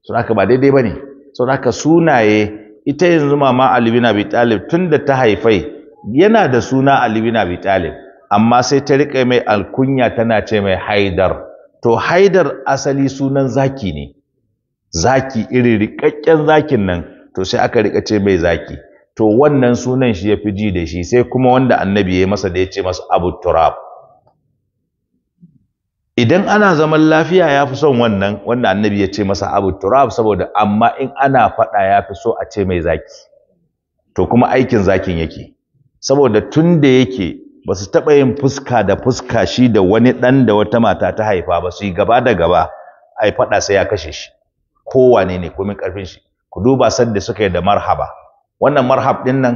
so aka ba daidai bane so aka sunaye ita yanzu mama Ali bin Abi Talib tunda ta haifai yana da suna Ali bin Abi amma sai ta rike mai alkunya tana ce mai Haidar to Haidar asali sunan zaki ne zaki iri rikakken zakin nan to sai aka rika ce mai zaki to wannan sunan shi ya fi ji da shi sai kuma wanda annabi ya yi masa da ya ce masa Abu Turab idan ana zaman lafiya ya fi son wannan wanda annabi ya ce masa abu turab saboda amma in ana faɗa ya fi so a ce mai zaki to kuma aikin zakin yake saboda tun da yake ba su taɓa yin fuska da fuska shi da wani ɗan da wata mata ta haifa ba su yi gaba da gaba a yi faɗa sai ya kashe shi kowane ne komin ƙarfin shi ku duba da suka yi da marhaba wannan marhab ɗin nan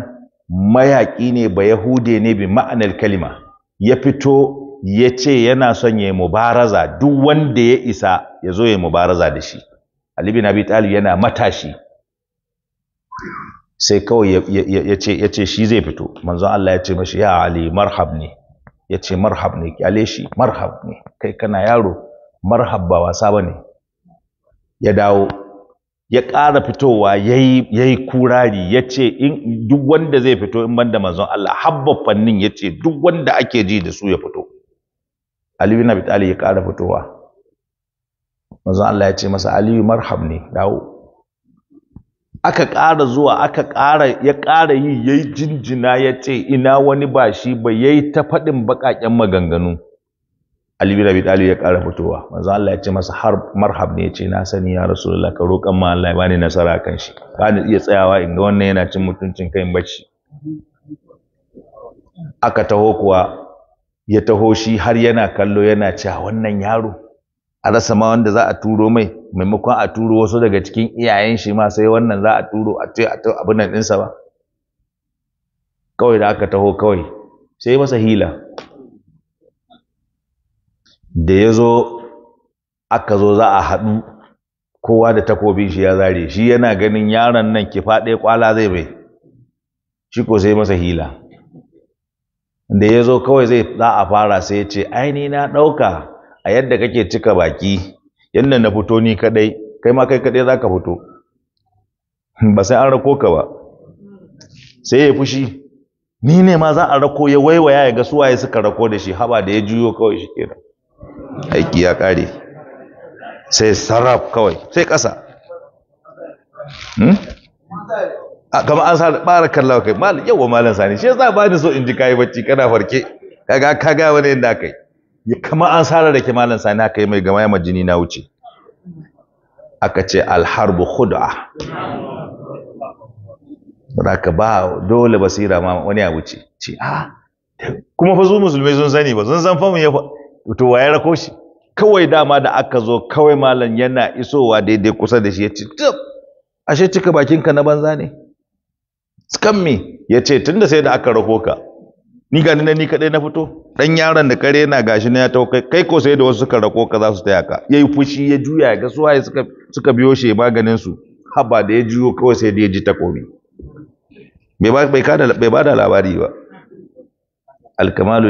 mayaƙi ne ba yahude ne bi ma'anar kalima ya fito ya ce yana son ya yi mubaraza duk wanda ya isa ya zo ya yi mubaraza da shi Ali bin Abi Talib yana matashi sai kawai ya ce shi zai fito manzon Allah ya ce mashi ya Ali marhab ne ya ce marhab ne kyale shi marhab ne kai kana yaro marhab ba wasa ba ne ya dawo ya ƙara fitowa ya yi kurari ya ce duk wanda zai fito in banda manzon Allah habba fannin ya ce duk wanda ake ji da su ya fito Ali bin Abi Talib ya ƙara fitowa manzon Allah ya ce masa Aliyu marhab ne dawo aka ƙara zuwa aka ƙara ya ƙara yi yayi jinjina ya ce ina wani ba shi ba yayi ta faɗin baƙaƙen maganganu Ali bin Abi Talib ya ƙara fitowa manzon Allah ya ce masa har marhab ne ya ce na sani ya Rasulullah ka roƙan ma Allah ya bani nasara kan shi ba ni iya tsayawa in ga wannan yana cin mutuncin kai in bacci aka taho kuwa ya taho shi har yana kallo yana cewa wannan yaro a rasa ma wanda za a turo mai maimakon a turo wasu daga cikin iyayen shi ma sai wannan za a turo a ce a abin nan ɗinsa ba kawai da aka taho kawai sai masa hila da ya zo aka zo za a haɗu kowa da takobin shi ya zare shi yana ganin yaron nan ke faɗe kwala zai bai shi ko sai masa hila da ya zo kawai zai za a fara sai ya ce ai ni na ɗauka a yadda kake cika baki yadda na fito ni kaɗai kai ma kai kaɗai za ka fito ba sai an rako ka ba sai ya fushi ni ne ma za a rako ya waiwaya ya ga suwaye suka rako da shi haba da ya juyo kawai shi kenan aiki ya ƙare sai sarraf kawai sai ƙasa hmm? kama an sa kallawa kai mal yawa malan sani shi yasa bani so in ji kai bacci kana farke kaga kaga wani inda kai ya kama an sa rake ke malan sani haka yi mai gama ya majini na wuce aka ce alharbu khud'a raka ba dole basira ma wani ya wuce ce a kuma fa zo musulmai sun sani ba sun san famu ya to waye rako shi kawai dama da aka zo kawai malam yana isowa daidai kusa da shi ya ce ashe cika bakinka na banza ne tsakan me ya ce tun da sai da aka rako ka ni gani na ni kaɗai na fito ɗan yaron da kare na gashi na ya tau kai ko sai da wasu suka rako ka za su taya ka ya fushi ya juya ga su suka suka biyo shi maganin su haba da ya juyo kawai sai da ya ji takobi bai ba da labari ba alkamalu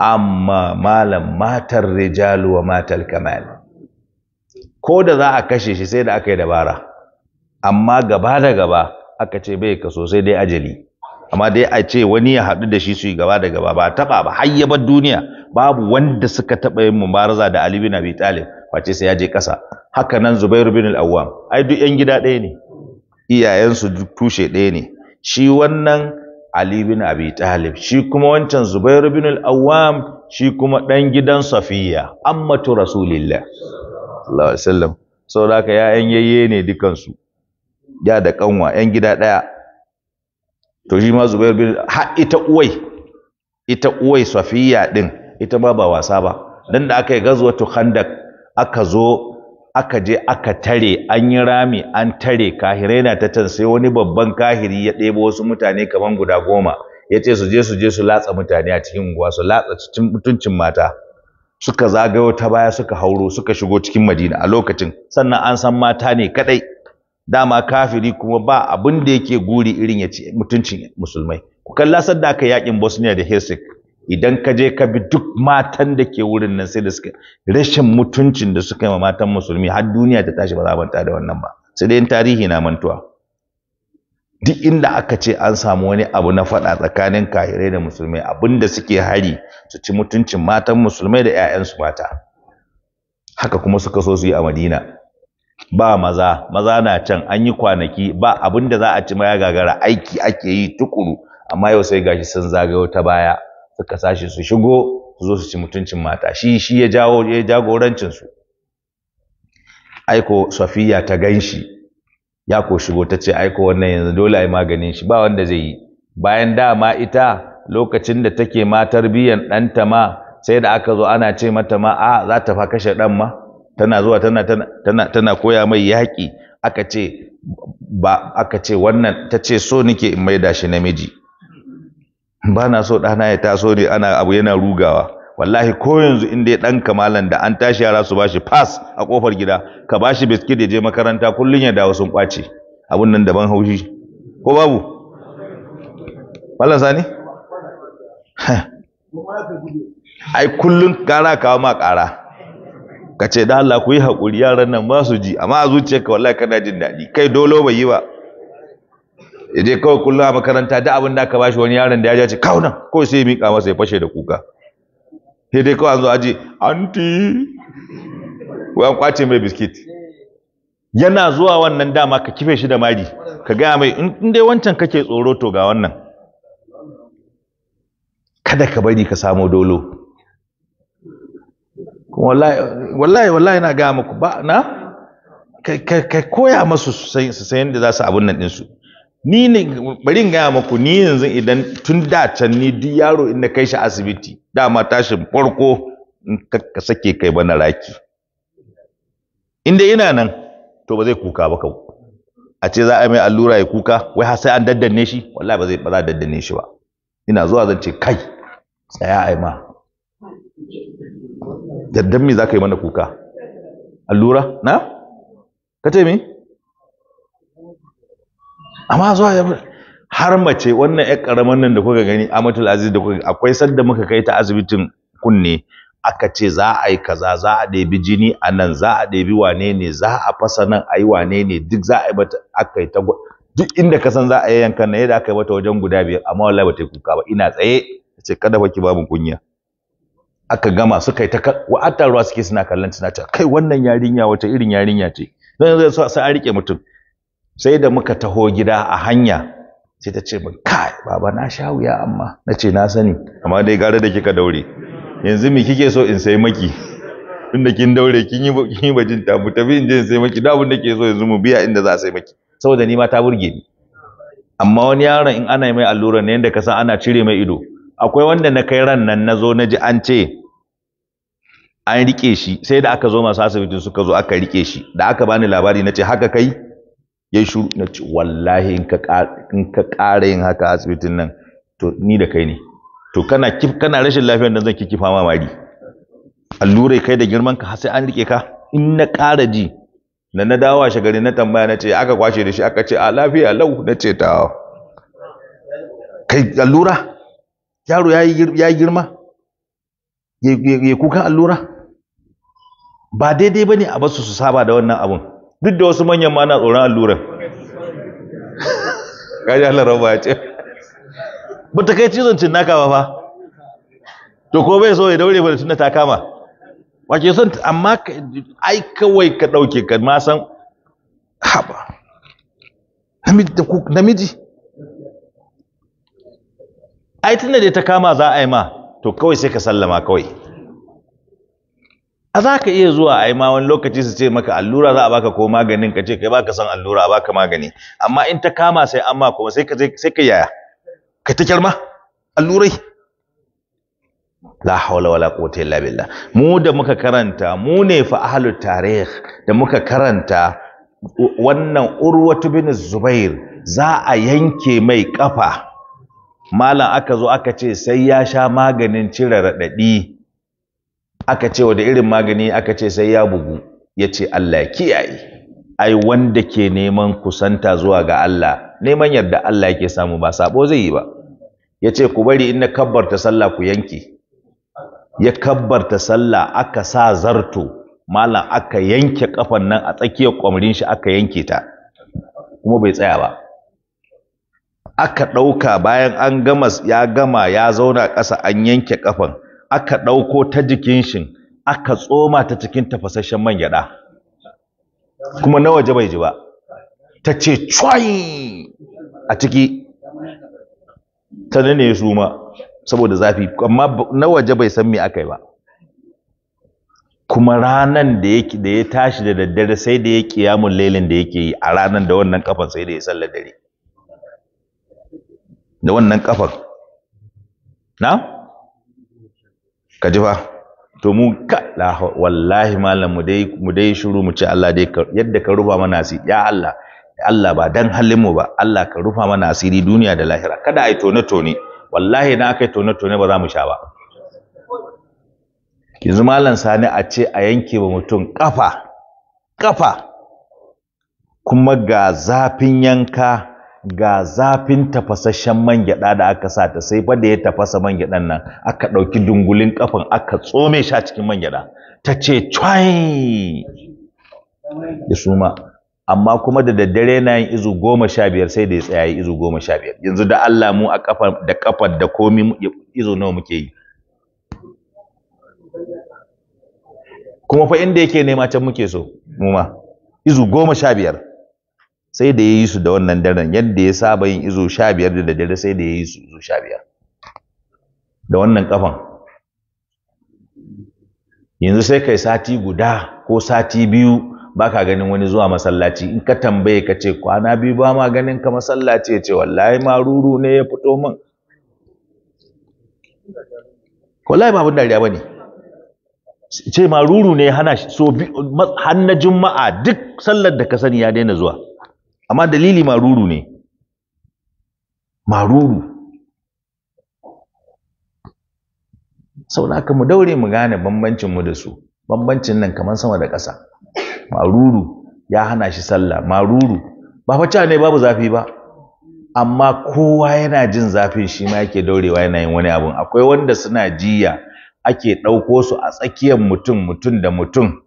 amma malam matar rijalu wa matal kamal ko da za a kashe shi sai da aka yi dabara amma gaba da gaba aka ce bai kaso sai dai ajali amma dai a ce wani ya haɗu da shi su yi gaba da gaba ba taɓa ba har ya duniya babu wanda suka taɓa yin mubaraza da Ali bin Abi Talib face sai ya je ƙasa haka nan Zubairu bin Al-Awwam ai duk ƴan gida ɗaya ne iyayensu duk tushe ɗaya ne shi wannan Ali bin Abi Talib shi kuma wancan Zubairu bin Al-Awwam shi kuma ɗan gidan Safiya ammatu Rasulillah sallallahu alaihi wasallam saboda haka ya'yan yayye ne dukansu ya da kanwa yan gida ɗaya. to shi ma Zubair bin ha ita uwai ita uwai Safiya din ita ma ba wasa ba dan da aka yi gazwatu Khandak aka zo aka je aka tare an yi rami an tare kahirai na ta can sai wani babban kahiri ya ɗebo wasu mutane kaman guda goma ya ce su je su je su latsa mutane a cikin unguwa su latsa cikin mutuncin mata suka zagayo ta baya suka hauro suka shigo cikin madina a lokacin sannan an san mata ne kadai dama kafiri kuma ba abin da yake guri irin ya ci mutuncin musulmai ku kalla sadda aka yakin Bosnia da hesek idan ka je ka bi duk matan da ke wurin nan sai da suka rashin mutuncin da suka yi ma matan musulmi har duniya ta tashi ba za manta da wannan ba sai dai tarihi na mantuwa duk inda aka ce an samu wani abu na faɗa tsakanin kahirai da musulmai abinda suke hari su ci mutuncin matan musulmai da 'ya'yansu mata haka kuma suka so su yi a madina ba maza maza na can an yi kwanaki ba abin da za a ci ya gagara aiki ake yi tukuru amma yau sai gashi sun zagayo ta baya suka sashi su shigo su zo su ci mutuncin mata shi shi ya jawo ya jagorancin su aiko safiya ta ganshi ya ko shigo ta ce aiko wannan yanzu dole ai maganin shi ba wanda zai yi bayan dama ita lokacin da take ma tarbiyyar ɗanta ma sai da aka zo ana ce mata ma a za ta fa kashe ɗan ma tana zuwa tana tana tana koya mai yaƙi aka ce ba aka ce wannan ta ce so nike in maida shi namiji ba na so ɗana ya taso ne ana abu yana rugawa wallahi ko yanzu in ya ɗan kamalan da an tashi yara su bashi pass a ƙofar gida ka bashi biskit ya je makaranta kullum ya dawo sun ƙwace abun nan daban haushi ko babu Malam Sani ai kullum kara kawo ma ƙara ka ce da Allah ku yi haƙuri yaran nan ba su ji amma a zuciyarka wallahi kana jin daɗi kai dolo bai yi ba ya je kawai kullum a makaranta da abin da aka bashi wani yaron da ya ja ce kawo nan kawai sai ya miƙa masa ya fashe da kuka sai dai kawai an zo aji anti Wa an kwace mai biskit yana zuwa wannan dama ka kife shi da mari ka gaya mai in dai wancan kake tsoro to ga wannan kada ka bari ka samu dolo wallahi wallahi na gaya muku ba na ka koya masu su san yadda za su abun nan ɗinsu ni ne bari in gaya muku ni yanzu idan tun da can ni duk yaro in na kai shi asibiti dama tashin farko in ka sake kai bana raki inda ina nan to ba zai kuka ba kau a ce za a mai allura ya kuka wai har sai an daddanne shi wallahi ba zai ba za daddanne shi ba ina zuwa zan ce kai tsaya ai ma daddan me za ka yi mana kuka allura na ka ce mi amma zuwa ya har mace wannan 'yar ƙaramin nan da kuka gani amatul aziz da kuka akwai sanda muka kai ta asibitin kunne aka ce za a yi kaza za a ɗebi jini a nan za a ɗebi wane ne za a fasa nan a yi wane ne duk za a yi mata aka yi ta duk inda ka san za a yi yankan na yadda aka yi mata wajen guda biyar amma wallahi ba ta yi kuka ba ina tsaye ce kada fa ki mu kunya aka gama suka yi ta wa attaruwa suke suna kallon suna ta kai wannan yarinya wata irin yarinya ce don yanzu sai a rike mutum sai da muka taho gida a hanya sai ta ce min kai baba na sha wuya amma na ce na sani amma dai gara da kika daure yanzu me kike so in sai maki tunda kin daure kin yi kin yi bajin ta mu tafi in je in sai maki da abin da ke so yanzu mu biya inda za a sai maki saboda ni ma ta burge ni amma wani yaron in ana mai allura ne yanda ka san ana cire mai ido akwai wanda na kai ran nan na zo na ji an ce an rike shi sai da aka zo masu asibitin suka zo aka rike shi da aka bani labari na ce haka kai ya shuru na ce wallahi in ka ƙara yin haka asibitin nan to ni da kai ne to kana kana rashin lafiyar da zan kiki ma mari allurai kai da girman ka sai an rike ka in na ƙara ji da na dawo a shagari na tambaya na aka kwashe da shi aka ce a lafiya lau na ce ta kai allura yaro ya yi girma ya kuka allura ba daidai ba ne a basu su saba da wannan abun duk da wasu manyan ma na tsoron alluran (laughs) kaji Allah raba ce ba ta kai cizon cinnaka ba fa to ko bai so ya daure ba da tunna ta kama wace son amma ai kawai ka ɗauke ka ma san haba namiji ai tunda dai ta kama za a yi ma to kawai sai ka sallama kawai a za ka iya zuwa a yi ma wani lokaci su ce maka allura za a baka ko maganin ka ce kai baka son allura a baka magani amma in ta kama sai an ma kuma sai ka sai ka yaya ka ta kyar ma allurai la hawla wala quwwata illa billah mu da muka karanta mu ne fa ahlut tarikh da muka karanta wannan urwatu bin zubair za a yanke mai kafa malam aka zo aka ce sai ya sha maganin cire raɗaɗi aka ce wada irin magani aka ce sai ya bugu ya ce Allah kiyaye ai wanda ke neman kusanta zuwa ga Allah neman yadda Allah yake samu ba sabo zai yi ba ya ce ku bari in na kabbarta sallah ku yanke ya kabbarta sallah aka sa zarto malam aka yanke kafan nan a tsakiyar kwamrin shi aka yanke ta kuma bai tsaya ba aka ɗauka bayan an gama ya gama ya zauna ƙasa an yanke ƙafan aka ɗauko ta jikin shi aka tsoma ta cikin tafasasshen man gyaɗa kuma na waje bai ji ba ta ce cwai a ciki ta ne su ma saboda zafi amma na waje bai san me aka yi ba kuma ranan da ya tashi da daddare sai da ya ƙiyamun lelin da yake yi a ranan da wannan kafan sai da ya sallar dare da wannan kafar na ka ji fa to mu ka wallahi malam mu dai mu dai shiru mu ce Allah dai yadda ka rufa mana asiri ya Allah Allah ba dan halin mu ba Allah ka rufa mana asiri duniya da lahira kada ai tone tone wallahi na kai tone tone ba za mu sha ba yanzu malam sani a ce a yanke wa mutum kafa kafa kuma ga zafin yanka ga zafin tafasasshen man gyada da aka sa ta sai fa ya tafasa man gyadan nan aka ɗauki dungulin kafan aka tsome shi a cikin man gyada ta ce cwai ya suma amma kuma da daddare na yin izu goma sha biyar sai da ya tsaya izu goma sha biyar yanzu da Allah mu a kafa da kafa da komi izu nawa muke yi kuma fa inda yake nema can muke so mu ma izu goma sha biyar sai da ya yi su da wannan daren yadda ya saba yin izo sha biyar da dare sai da ya yi su izo sha biyar da wannan kafan yanzu sai kai sati guda ko sati biyu baka ganin wani zuwa masallaci in ka tambaye ka ce kwana biyu ba ma ganin ka masallaci ya ce wallahi ma ruru ne ya fito min wallahi ba abin dariya bane ce ma ruru ne hana so hannajin ma'a juma'a duk sallar da ka sani ya daina zuwa amma dalili maruru ne maruru sau mu daure mu gane bambancin mu da su bambancin nan kamar sama da ƙasa maruru ya hana shi sallah maruru ba fa ne babu zafi ba amma kowa yana jin zafin shi ma yake daurewa yana yin wani abun akwai wanda suna jiya ake ɗauko su a tsakiyar mutum mutum da mutum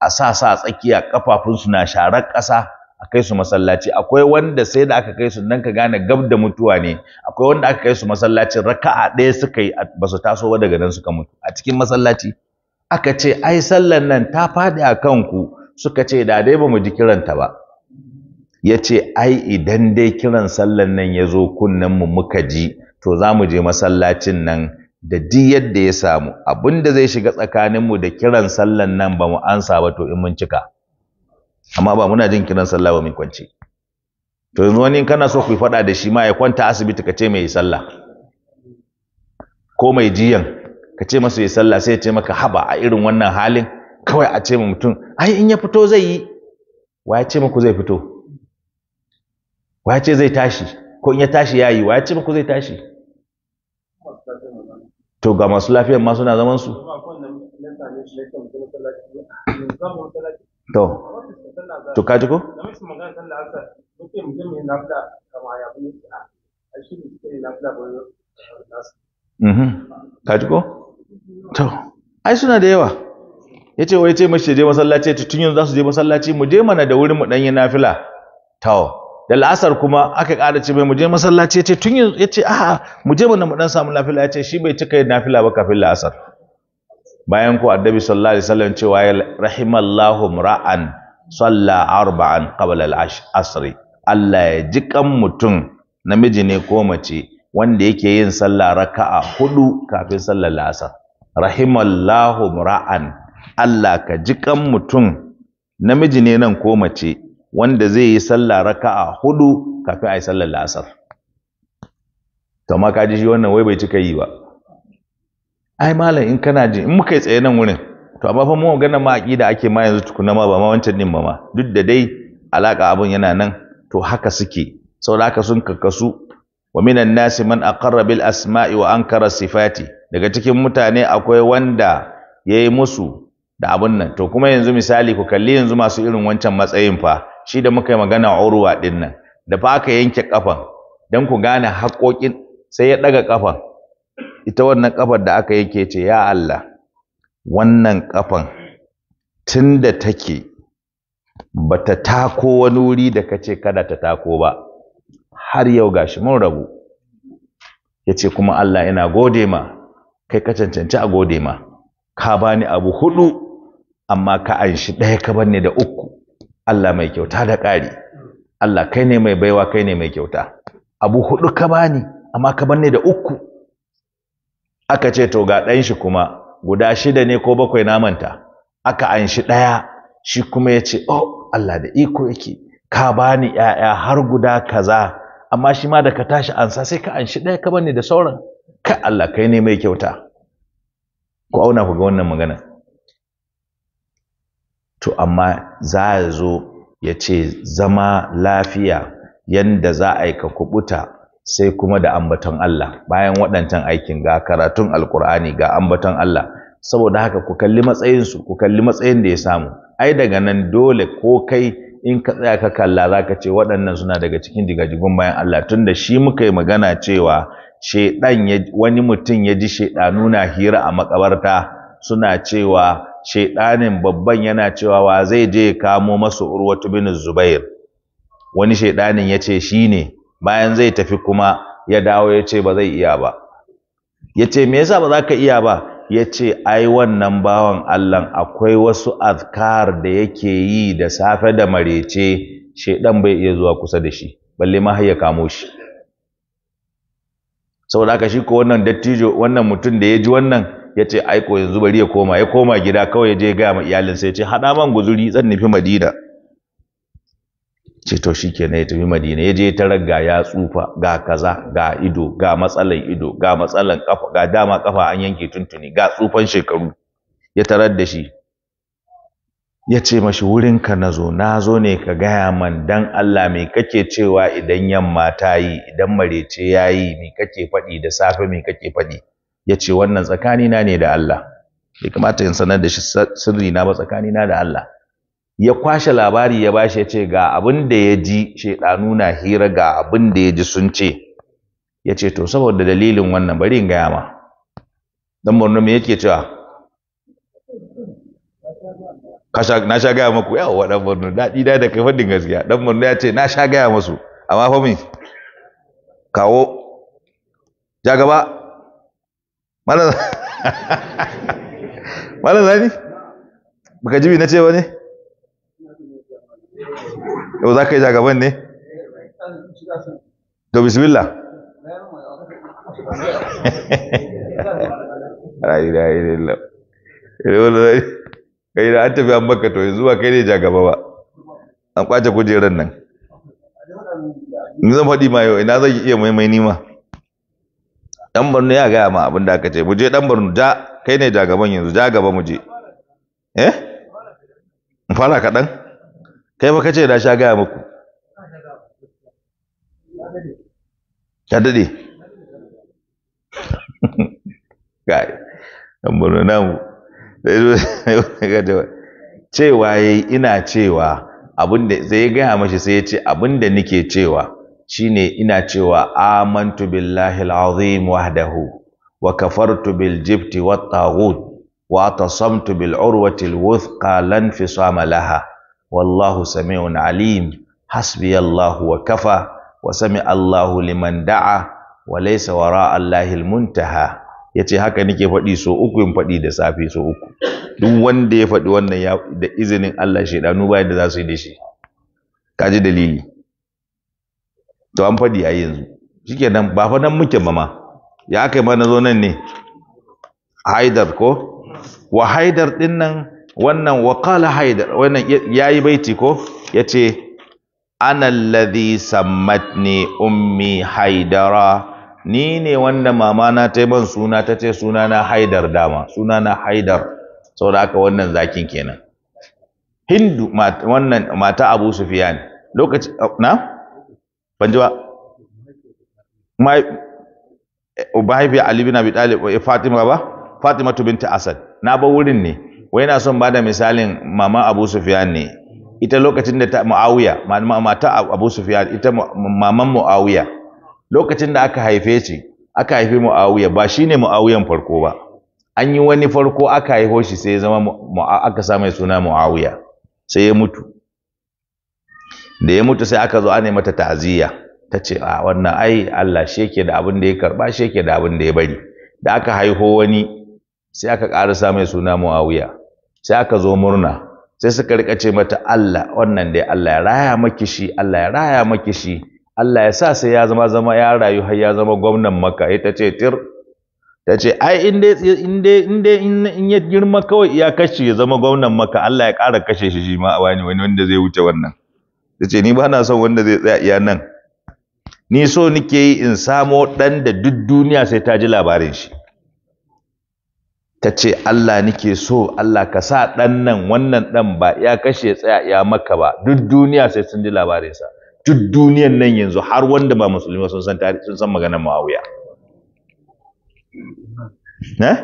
a sa sa a tsakiya kafafunsu na sharar ƙasa a kai su masallaci akwai wanda sai da aka kai su nan ka gane gab da mutuwa ne akwai wanda aka kai su masallacin raka'a ɗaya suka yi ba su taso ba daga nan suka mutu a cikin masallaci aka ce ai sallan nan ta faɗi a kanku suka ce da dai ba mu ji kiranta ba ya ce ai idan dai kiran sallan nan ya zo kunnen mu muka ji to za mu je masallacin nan da di yadda ya samu abin da zai shiga tsakanin mu da kiran sallan nan ba mu ansa ba to in mun cika amma ba muna jin kiran sallah ba mai kwance to yanzu wani kana so ku faɗa da shi ma ya kwanta asibiti ka ce mai yi sallah ko mai jiyan ka ce masa yi sallah sai ya ce maka haba a irin wannan halin kawai a ce ma mutum ai in ya fito zai yi wa ya ce muku zai fito wa ya ce zai tashi ko in ya tashi ya yi wa ya ce muku zai tashi to ga masu lafiyar ma suna zaman su to to kaji ko mhm. kaji ko to ai suna da yawa ya ce wai ce mashi je masallaci ta tun yanzu za su je masallaci mu je mana da wurin mu ɗanyi fila? to da la'asar kuma aka ƙara ce mai mu je masallaci ya ce tun yanzu ya ce a'a mu je mana mu ɗan samu fila, ya ce shi bai cika yin fila ba kafin la'asar bayan ku addabi sallallahu alaihi wasallam cewa ya rahimallahu ra'an salla arba'an qabla al-asr Allah ya ji mutum namiji ne ko mace wanda yake yin sallah raka'a hudu kafin sallar asar. rahimallahu ra'an Allah ka ji mutum namiji ne nan ko mace wanda zai yi sallah raka'a hudu kafin ai sallar asar. to ma ka ji shi wannan wai bai cika yi ba ai malam in kana ji in muka yi tsaye nan wurin to amma fa mu magana ma aqida ake ma yanzu tukuna ma ba ma wancan din ba ma duk da dai alaka abun yana nan to haka suke saboda haka sun kakkasu wa minan nasi man aqarra bil asma'i wa ankara sifati daga cikin mutane akwai wanda yayi musu da abun nan to kuma yanzu misali ku kalli yanzu masu irin wancan matsayin fa shi da muka yi magana urwa din nan da fa aka yanke kafan dan ku gane haƙoƙin sai ya daga kafan ita wannan kafar da aka yake ce ya Allah wannan kafan tunda take bata tako wani wuri da kace kada ta tako ba har yau gashi mun rabu yace kuma Allah ina gode ma kai ka cancanci a gode ma ka bani abu hudu amma ka anshi daya ka banne da uku Allah mai kyauta da ƙari Allah kai ne mai baiwa kai ne mai kyauta abu hudu ka bani amma ka banne da uku aka ce to ga ɗan shi kuma guda shida ne ko bakwai namanta aka anshi ɗaya shi kuma ya ce oh Allah da iko yake ka bani ƴaƴa har guda kaza amma shi ma da ka tashi ansa sai ka anshi ɗaya ka bani da sauran ka Allah kai ne mai kyauta ku auna ku ga wannan magana to amma za ya zo ya ce zama lafiya yanda za a yi ka kubuta sai kuma da ambaton Allah bayan waɗancan aikin ga karatun alkur'ani ga ambaton Allah saboda haka ku kalli matsayinsu ku kalli matsayin da ya samu ai daga nan dole ko kai in ka tsaya ka kalla za ka ce waɗannan suna daga cikin jigajigun bayan Allah tun da shi muka yi magana cewa shedan wani mutum ya ji shedanu na hira a makabarta suna cewa shedanin babban yana cewa wa zai je ya kamo masa urwatu bin zubair wani shedanin ya ce shi ne bayan zai tafi kuma ya dawo ya ce ba zai iya ba ya ce me yasa ba za ka iya ba ya ce ai wannan bawan Allah akwai wasu azkar da yake yi da safe da marece shedan bai iya zuwa kusa da shi balle ma har kamo shi saboda haka shi ko wannan dattijo wannan mutum da ya ji wannan ya ce ai yanzu bari ya koma ya koma gida kawai ya je gaya ma iyalinsa. ya ce haɗa man guzuri zan nufi madina ce to shikenan ya tafi madina ya je ta ragga ya tsufa ga kaza ga ido ga matsalan ido ga matsalan kafa ga dama kafa an yanke tuntuni ga tsufan shekaru ya tarar da shi ya ce mashi wurinka na zo na zo ne ka gaya man dan Allah me kake cewa idan yamma ta yi idan marece ya yi me kake faɗi da safe me kake faɗi ya ce wannan tsakanina ne da Allah bai kamata in sanar da shi sirri na ba tsakanina da Allah ya kwashe labari ya bashi ya ce ga abin da ya ji shaiɗanu na hira ga abin da ya ji sun ce ya ce to saboda dalilin wannan bari in gaya ma dan murnu me yake cewa kasha na sha gaya maku yawa dan murnu daɗi da da kai faɗin gaskiya dan murnu ya ce na sha gaya masu amma fa me kawo ja gaba malam (laughs) malam zani baka jibi na ce ba ne yau za ka yi jagaban ne to bismillah kai da an tafi an baka to yanzu kai ne jagaba ba an kwace kujerar nan ni zan faɗi ma yau ina zan iya maimai nima dan barno ya gaya ma abin da aka ce mu je dan barno ja kai ne jagaban yanzu ja gaba mu je eh in fara kaɗan kai ba kace na sha gaya muku ka dade (laughs) kai amurna namu cewa yayi ina cewa abinda zai gaya mashi sai ya ce abinda nake cewa shine ina cewa amantu billahi alazim wahdahu wa kafartu bil jibti wat tagut wa tasamtu bil urwati al wuthqa lan fisama laha wallahu sami'un alim hasbiyallahu wa kafa wa sami Allahu Limanda'a da'a wa laysa wara muntaha yace haka nake faɗi so uku in faɗi da safe so uku duk wanda ya faɗi wannan ya da izinin Allah shedanu baya da za su yi da shi kaji dalili to an faɗi a yanzu shikenan ba fa nan muke ba ma ya aka ma na zo nan ne haidar ko wa haidar din nan wannan wa qala haidar wannan yi baiti ko ya ce analladhi sammatni ummi haidara ni ne wanda mama na ta ban suna ta ce suna na haidar dama suna na haidar saboda haka wannan zakin kenan hindu wannan mata abu sufiyan lokaci oh, na ban ji ba mahaifi eh, ali bin abi talib eh, fatima ba fatima binta asad na ba wurin ne wai na son bada misalin mama Abu Sufyan ne ita lokacin da ta Muawiya mata Abu Sufyan ita maman Muawiya lokacin da aka haife shi aka haife Muawiya ba shine Muawiyan farko ba an yi wani farko aka haifo shi sai ya zama aka sa mai suna Muawiya sai ya mutu da ya mutu sai aka zo ana mata ta'aziyya ta ce a ah, wannan ai Allah shi yake da abin da ya karba shi yake da abin da ya bari da aka haiho wani sai aka ƙara sa mai suna Muawiya sai aka zo murna sai suka rika ce mata Allah wannan dai Allah ya raya maki shi Allah ya raya maki shi Allah ya sa sai ya zama zama ya rayu har ya zama gwamnan Makka ita ce tir ta ce ai in dai in dai in dai in ya girma kawai ya kashe ya zama gwamnan Makka Allah ya ƙara kashe shi shi ma wani wani wanda zai wuce wannan ta ce ni ba na son wanda zai tsaya iya nan ni so nike yi in samo ɗan da duk duniya sai ta ji labarin shi ta ce Allah nike so Allah ka sa ɗan nan wannan ɗan ba ya kashe tsaya ya maka ba duk duniya sai sun ji labarinsa duk duniyan nan yanzu har wanda ba musulmi sun san tarihi sun san maganar Muawiya ne eh?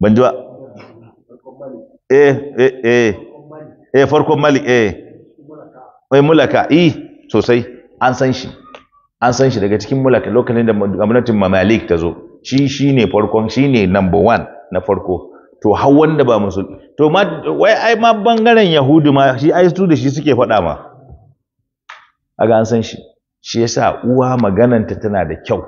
ban ji ba eh eh eh eh farkon Malik eh eh mulaka eh sosai an san shi an san shi daga cikin mulaka lokacin da gwamnatin Mamalik ta zo shi ne farkon shi ne number one na farko to har wanda ba musulmi to ma wai ai ma bangaren yahudu ma shi ai su da shi suke faɗa ma a ga an san shi shi yasa uwa magananta tana da kyau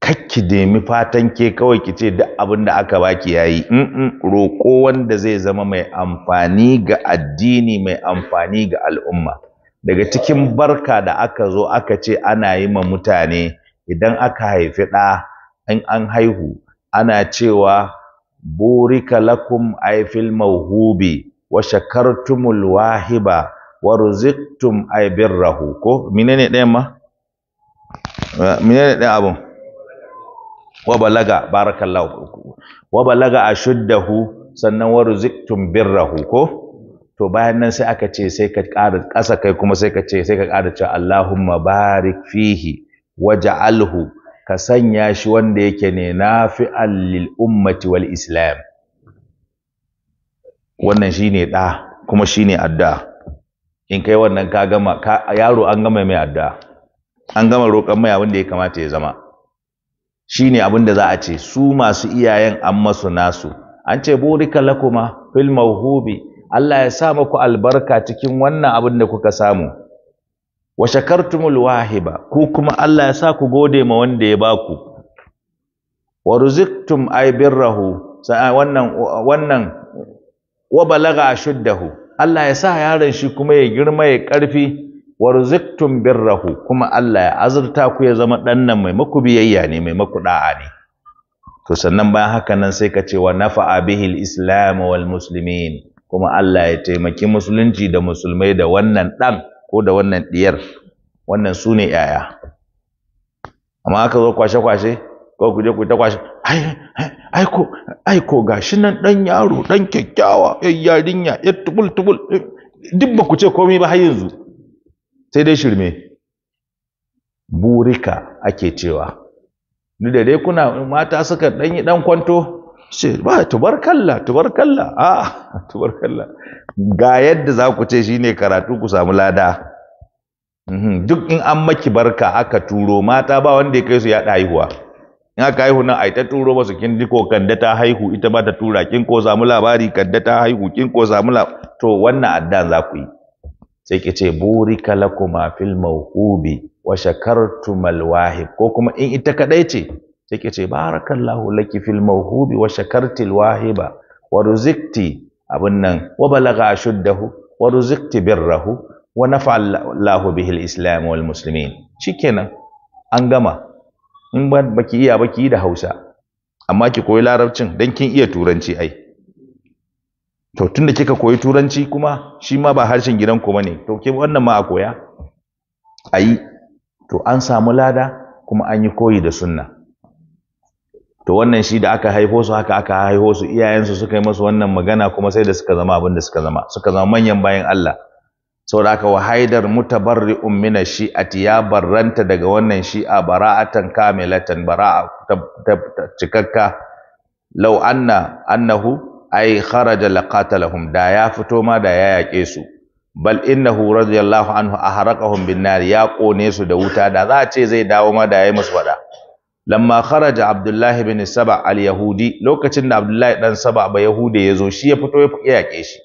kakki demi fatan ke kawai ki ce duk abin da aka baki yayi in roko wanda zai zama mai amfani ga addini mai amfani ga al'umma daga cikin barka da aka zo aka ce ana yi ma mutane idan aka haifi ɗa in an haihu ana cewa burika lakum ay fil mawhubi wa shakartumul wahiba wa ruziktum ai birrahu ko menene ɗayan ma eh, menene ɗayan abun wa balaga barakallahu wa balaga ashuddahu sannan wa ruziqtum birrahu ko to bayan nan sai aka ce sai ka ƙara ƙasa kai kuma sai ka ce sai ka ƙara ce Allahumma barik fihi waj'alhu ka sanya shi wanda yake ne fi lil ummati wal islam wannan shi ne ɗa, kuma shi ne addu'a in kai wannan ka gama yaro an gama mai addu'a an gama roƙon mai abin da ya kamata ya zama ne abin da za a ce su masu iyayen an masu nasu an ce burika lakuma filmar hobi, Allah ya sa muku albarka cikin wannan abin da kuka samu wa shakartumul wahiba ku kuma Allah ya sa ku gode ma wanda ya baku wa ruziqtum ay birrahu wannan wannan wa balaga ashuddahu Allah ya sa yaron shi kuma ya girma ya karfi wa ruziqtum birrahu kuma Allah ya azurta ku ya zama dan nan mai maku biyayya ne mai maku da'a ne to sannan bayan haka nan sai ka ce wa nafa'a bihil islam wal muslimin kuma Allah ya taimaki musulunci da musulmai da wannan dan ko da wannan ɗiyar, wannan su ne yaya amma aka zo kwashe-kwashe ko ku je ku ta kwashe ai ai ko ai ko gashi nan dan yaro dan kyakkyawa ya yarinya ya tubul tubul eh, duk ba ku ce komai ba har yanzu sai dai shirme burika ake cewa ni da dai kuna mata suka dan yi dan kwanto ce ba tubarkalla tubarkalla a tubarkalla ga yadda za ku ce shine karatu ku samu lada mhm, duk in an maki barka aka turo mata ba wanda ya kai su ya haihuwa in aka haihu nan ai ta turo masu kin diko kanda ta haihu ita ba ta tura kin ko samu labari kanda ta haihu kin ko samu to wannan addan za ku yi sai ki ce burika lakuma fil mawqubi wa shakartumal wahib ko kuma in ita kadai ce sai ki ce barakallahu laki fil mawhubi wa shakartil wahiba wa ruzikti abin nan wa balaga ashuddahu wa ruzikti birrahu wa nafa'allahu bihi al-islam wal muslimin shikenan an gama in ba baki iya baki da Hausa amma ki koyi larabcin dan kin iya turanci ai to tunda kika koyi turanci kuma shi ma ba harshen gidan ku bane to ke wannan ma a koya ayi to an samu lada kuma an yi koyi da sunna to wannan shi da aka haifo su haka aka haifo su iyayensu suka yi masu wannan magana kuma sai da suka zama abin da suka zama suka zama manyan bayan Allah saboda haka wa haidar mutabarri'un min shi'ati ya barranta daga wannan shi'a bara'atan kamilatan bara'a cikakka law anna annahu ay kharaja laqatalahum da ya fito ma da ya yaƙe su bal innahu radiyallahu anhu aharaqahum bin nar ya kone su da wuta da za a ce zai dawo ma da yayi musu faɗa. lamma kharaja abdullahi bin saba al-yahudi lokacin da abdullahi dan saba ba ya zo shi ya fito ya yake shi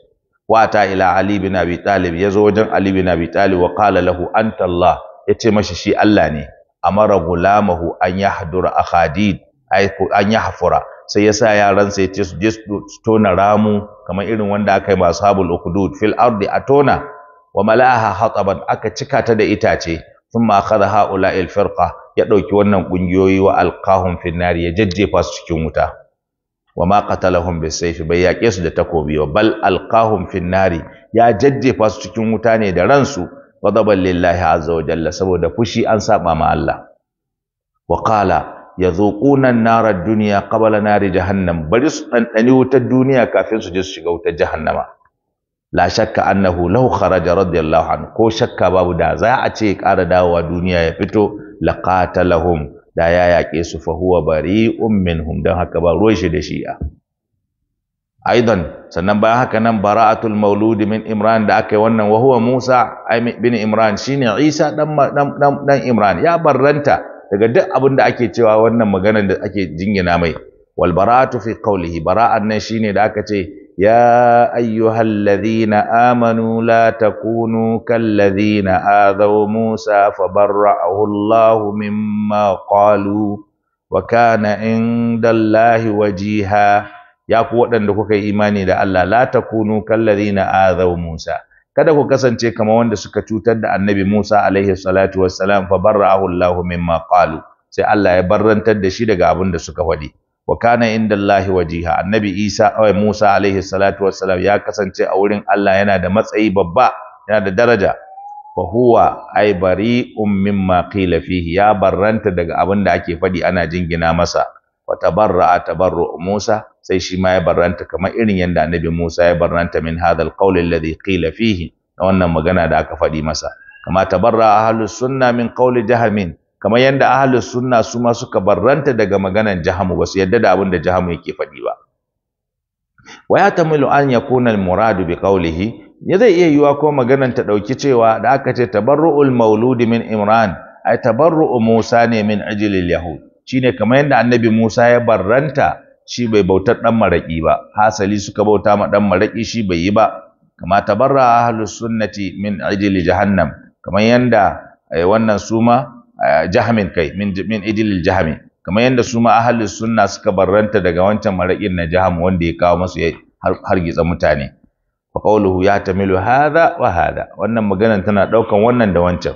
wata ila ali bin abi talib yazo wajen ali bin abi talib wa qala lahu anta allah yace mashi shi allah ne A mara gulamahu an yahdura akhadid an yahfura sai yasa yaran ya ce su je su tona ramu kamar irin wanda aka yi masu habul ukhdud fil ardi atona wa mala'aha hataban aka cika ta da itace thumma akhadha Ha'ula al-firqa ya ɗauki wannan ƙungiyoyi wa alqahum fi ya jajjefa su cikin wuta wa ma qatalahum bisayf bai yaƙe su da takobi wa bal alqahum fi ya jajjefa su cikin wuta ne da ransu ghadaban lillahi azza wa jalla saboda fushi an saba ma Allah Wakala ya zo ƙunan nar duniya, dunya qabla nar jahannam bari su ɗanɗani wutar duniya kafin su je su shiga wutar jahannama la shakka annahu law kharaja radiyallahu anhu ko shakka babu da za a ce ƙara dawowa duniya ya fito laqatalahum da ya yaƙe su fa huwa bari'un minhum dan haka ba ruwan shi da shi a. aidan sannan bayan haka nan bara'atul maulud min imran da aka wannan wa huwa musa bin imran shine isa dan dan dan imran ya barranta daga duk abin da ake cewa wannan maganar da ake jingina mai wal bara'atu fi qawlihi bara'an nan shine da aka ce يا أيها الذين آمنوا لا تكونوا كالذين آذوا موسى فبرأه الله مما قالوا وكان عند الله وجيها يا قوتن da kuka yi imani da Allah la takunu kallazina Musa kada ku kasance kamar wanda suka cutar da Annabi Musa alaihi salatu wassalam fa barra'ahu Allah mimma qalu sai Allah ya barrantar da shi daga abin da suka faɗi wa indallahi inda wajiha annabi Isa ay Musa alaihi salatu wassalam ya kasance a wurin Allah yana da matsayi babba yana da daraja fa huwa ay bari'un mimma qila fihi ya barranta daga abin da ake fadi ana jingina masa wa tabarra'a tabarru Musa sai shi ma ya barranta kamar irin yadda annabi Musa ya barranta min hadha alqawl alladhi qila fihi na wannan magana da aka fadi masa kama tabarra'a ahlus sunna min qawli jahamin kamar yadda ahlus sunna su ma suka barranta daga maganan jahamu ba su yadda da abin da jahamu yake faɗi ba wa ya tamilu an yakuna al muradu bi qawlihi ya zai iya yiwa ko maganan ta dauki cewa da aka ce tabarru'ul mauludi min imran ai tabarru'u musa ne min al yahud shine kamar yadda annabi musa ya barranta shi bai bautar dan maraki ba hasali suka bauta ma dan maraki shi bai yi ba kama tabarra ahlus sunnati min ajli jahannam kamar yanda eh, wannan suma Ah, jahamin kai min idilil jahami kamar yadda su ma ahalin sunna suka barranta daga wancan maraƙin na jaham wanda ya kawo masu ya hargitsa mutane fa qawluhu yahtamilu hadha wa hadha wannan maganan tana daukan wannan da wancan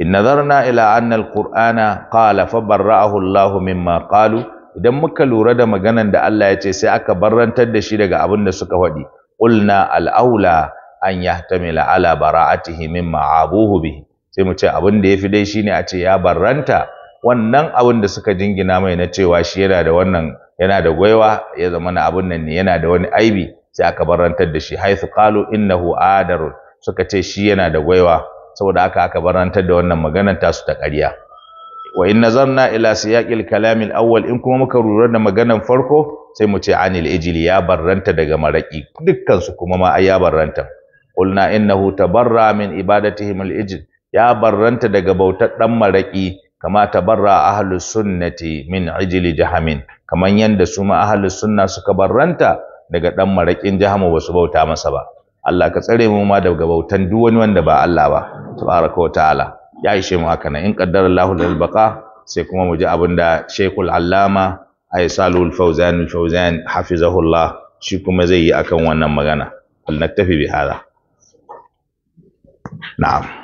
in nazarna ila anna alqur'ana qala fa barra'ahu Allahu mimma qalu idan muka lura da maganan da Allah ya ce sai aka barrantar da shi daga abin da suka faɗi qulna al-aula an yahtamila ala bara'atihi mimma abuhu bihi sai mu ce abin da ya fi dai shine a ce ya barranta wannan abin da suka jingina mai na cewa shi yana da wannan yana da gwaiwa ya zama na abin nan ne yana da wani aibi sai aka barantar da shi haythu qalu innahu adarun suka ce shi yana da gwaiwa saboda haka aka barantar da wannan maganar tasu ta ƙarya wa in nazarna ila siyaqil kalamil awwal in kuma muka lura da maganar farko sai mu ce anil ijli ya barranta daga maraki dukkan su kuma ma ya barranta qulna innahu tabarra min ibadatihim al ijli ya barranta daga bautar dan maraƙi, kama tabarra ahlus sunnati min ijli jahamin kaman yanda su ma ahlus sunna suka barranta daga dan marakin jahamu basu bauta masa ba Allah ka tsare mu ma daga bautan duk wani wanda ba Allah ba tabaraka wa ta'ala ya ishe mu haka nan in qaddara Allahu lil baqa sai kuma mu ji abinda Sheikhul Allama Aisalul Fawzan fauzan hafizahullah shi kuma zai yi akan wannan magana. Al ta bi hada. Na'am.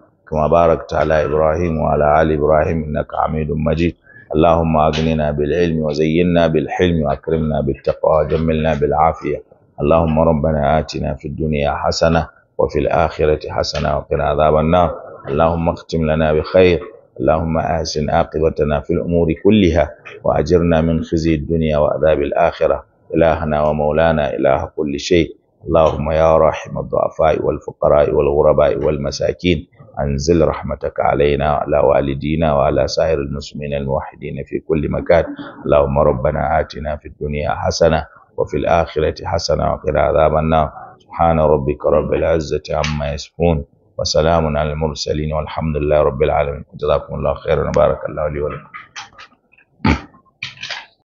كما باركت على إبراهيم وعلى آل إبراهيم إنك حميد مجيد اللهم أغننا بالعلم وزينا بالحلم وأكرمنا بالتقوى وجملنا بالعافية اللهم ربنا آتنا في الدنيا حسنة وفي الآخرة حسنة وقنا عذاب النار اللهم اختم لنا بخير اللهم أحسن عاقبتنا في الأمور كلها وأجرنا من خزي الدنيا وعذاب الآخرة إلهنا ومولانا إله كل شيء اللهم يا راحم الضعفاء والفقراء والغرباء والمساكين أنزل رحمتك علينا وعلى والدينا وعلى سائر المسلمين الموحدين في كل مكان اللهم ربنا آتنا في الدنيا حسنة وفي الآخرة حسنة وقنا عذاب النار سبحان ربك رب العزة عما يصفون وسلام على المرسلين والحمد لله رب العالمين جزاكم الله خيرا وبارك الله لي ولكم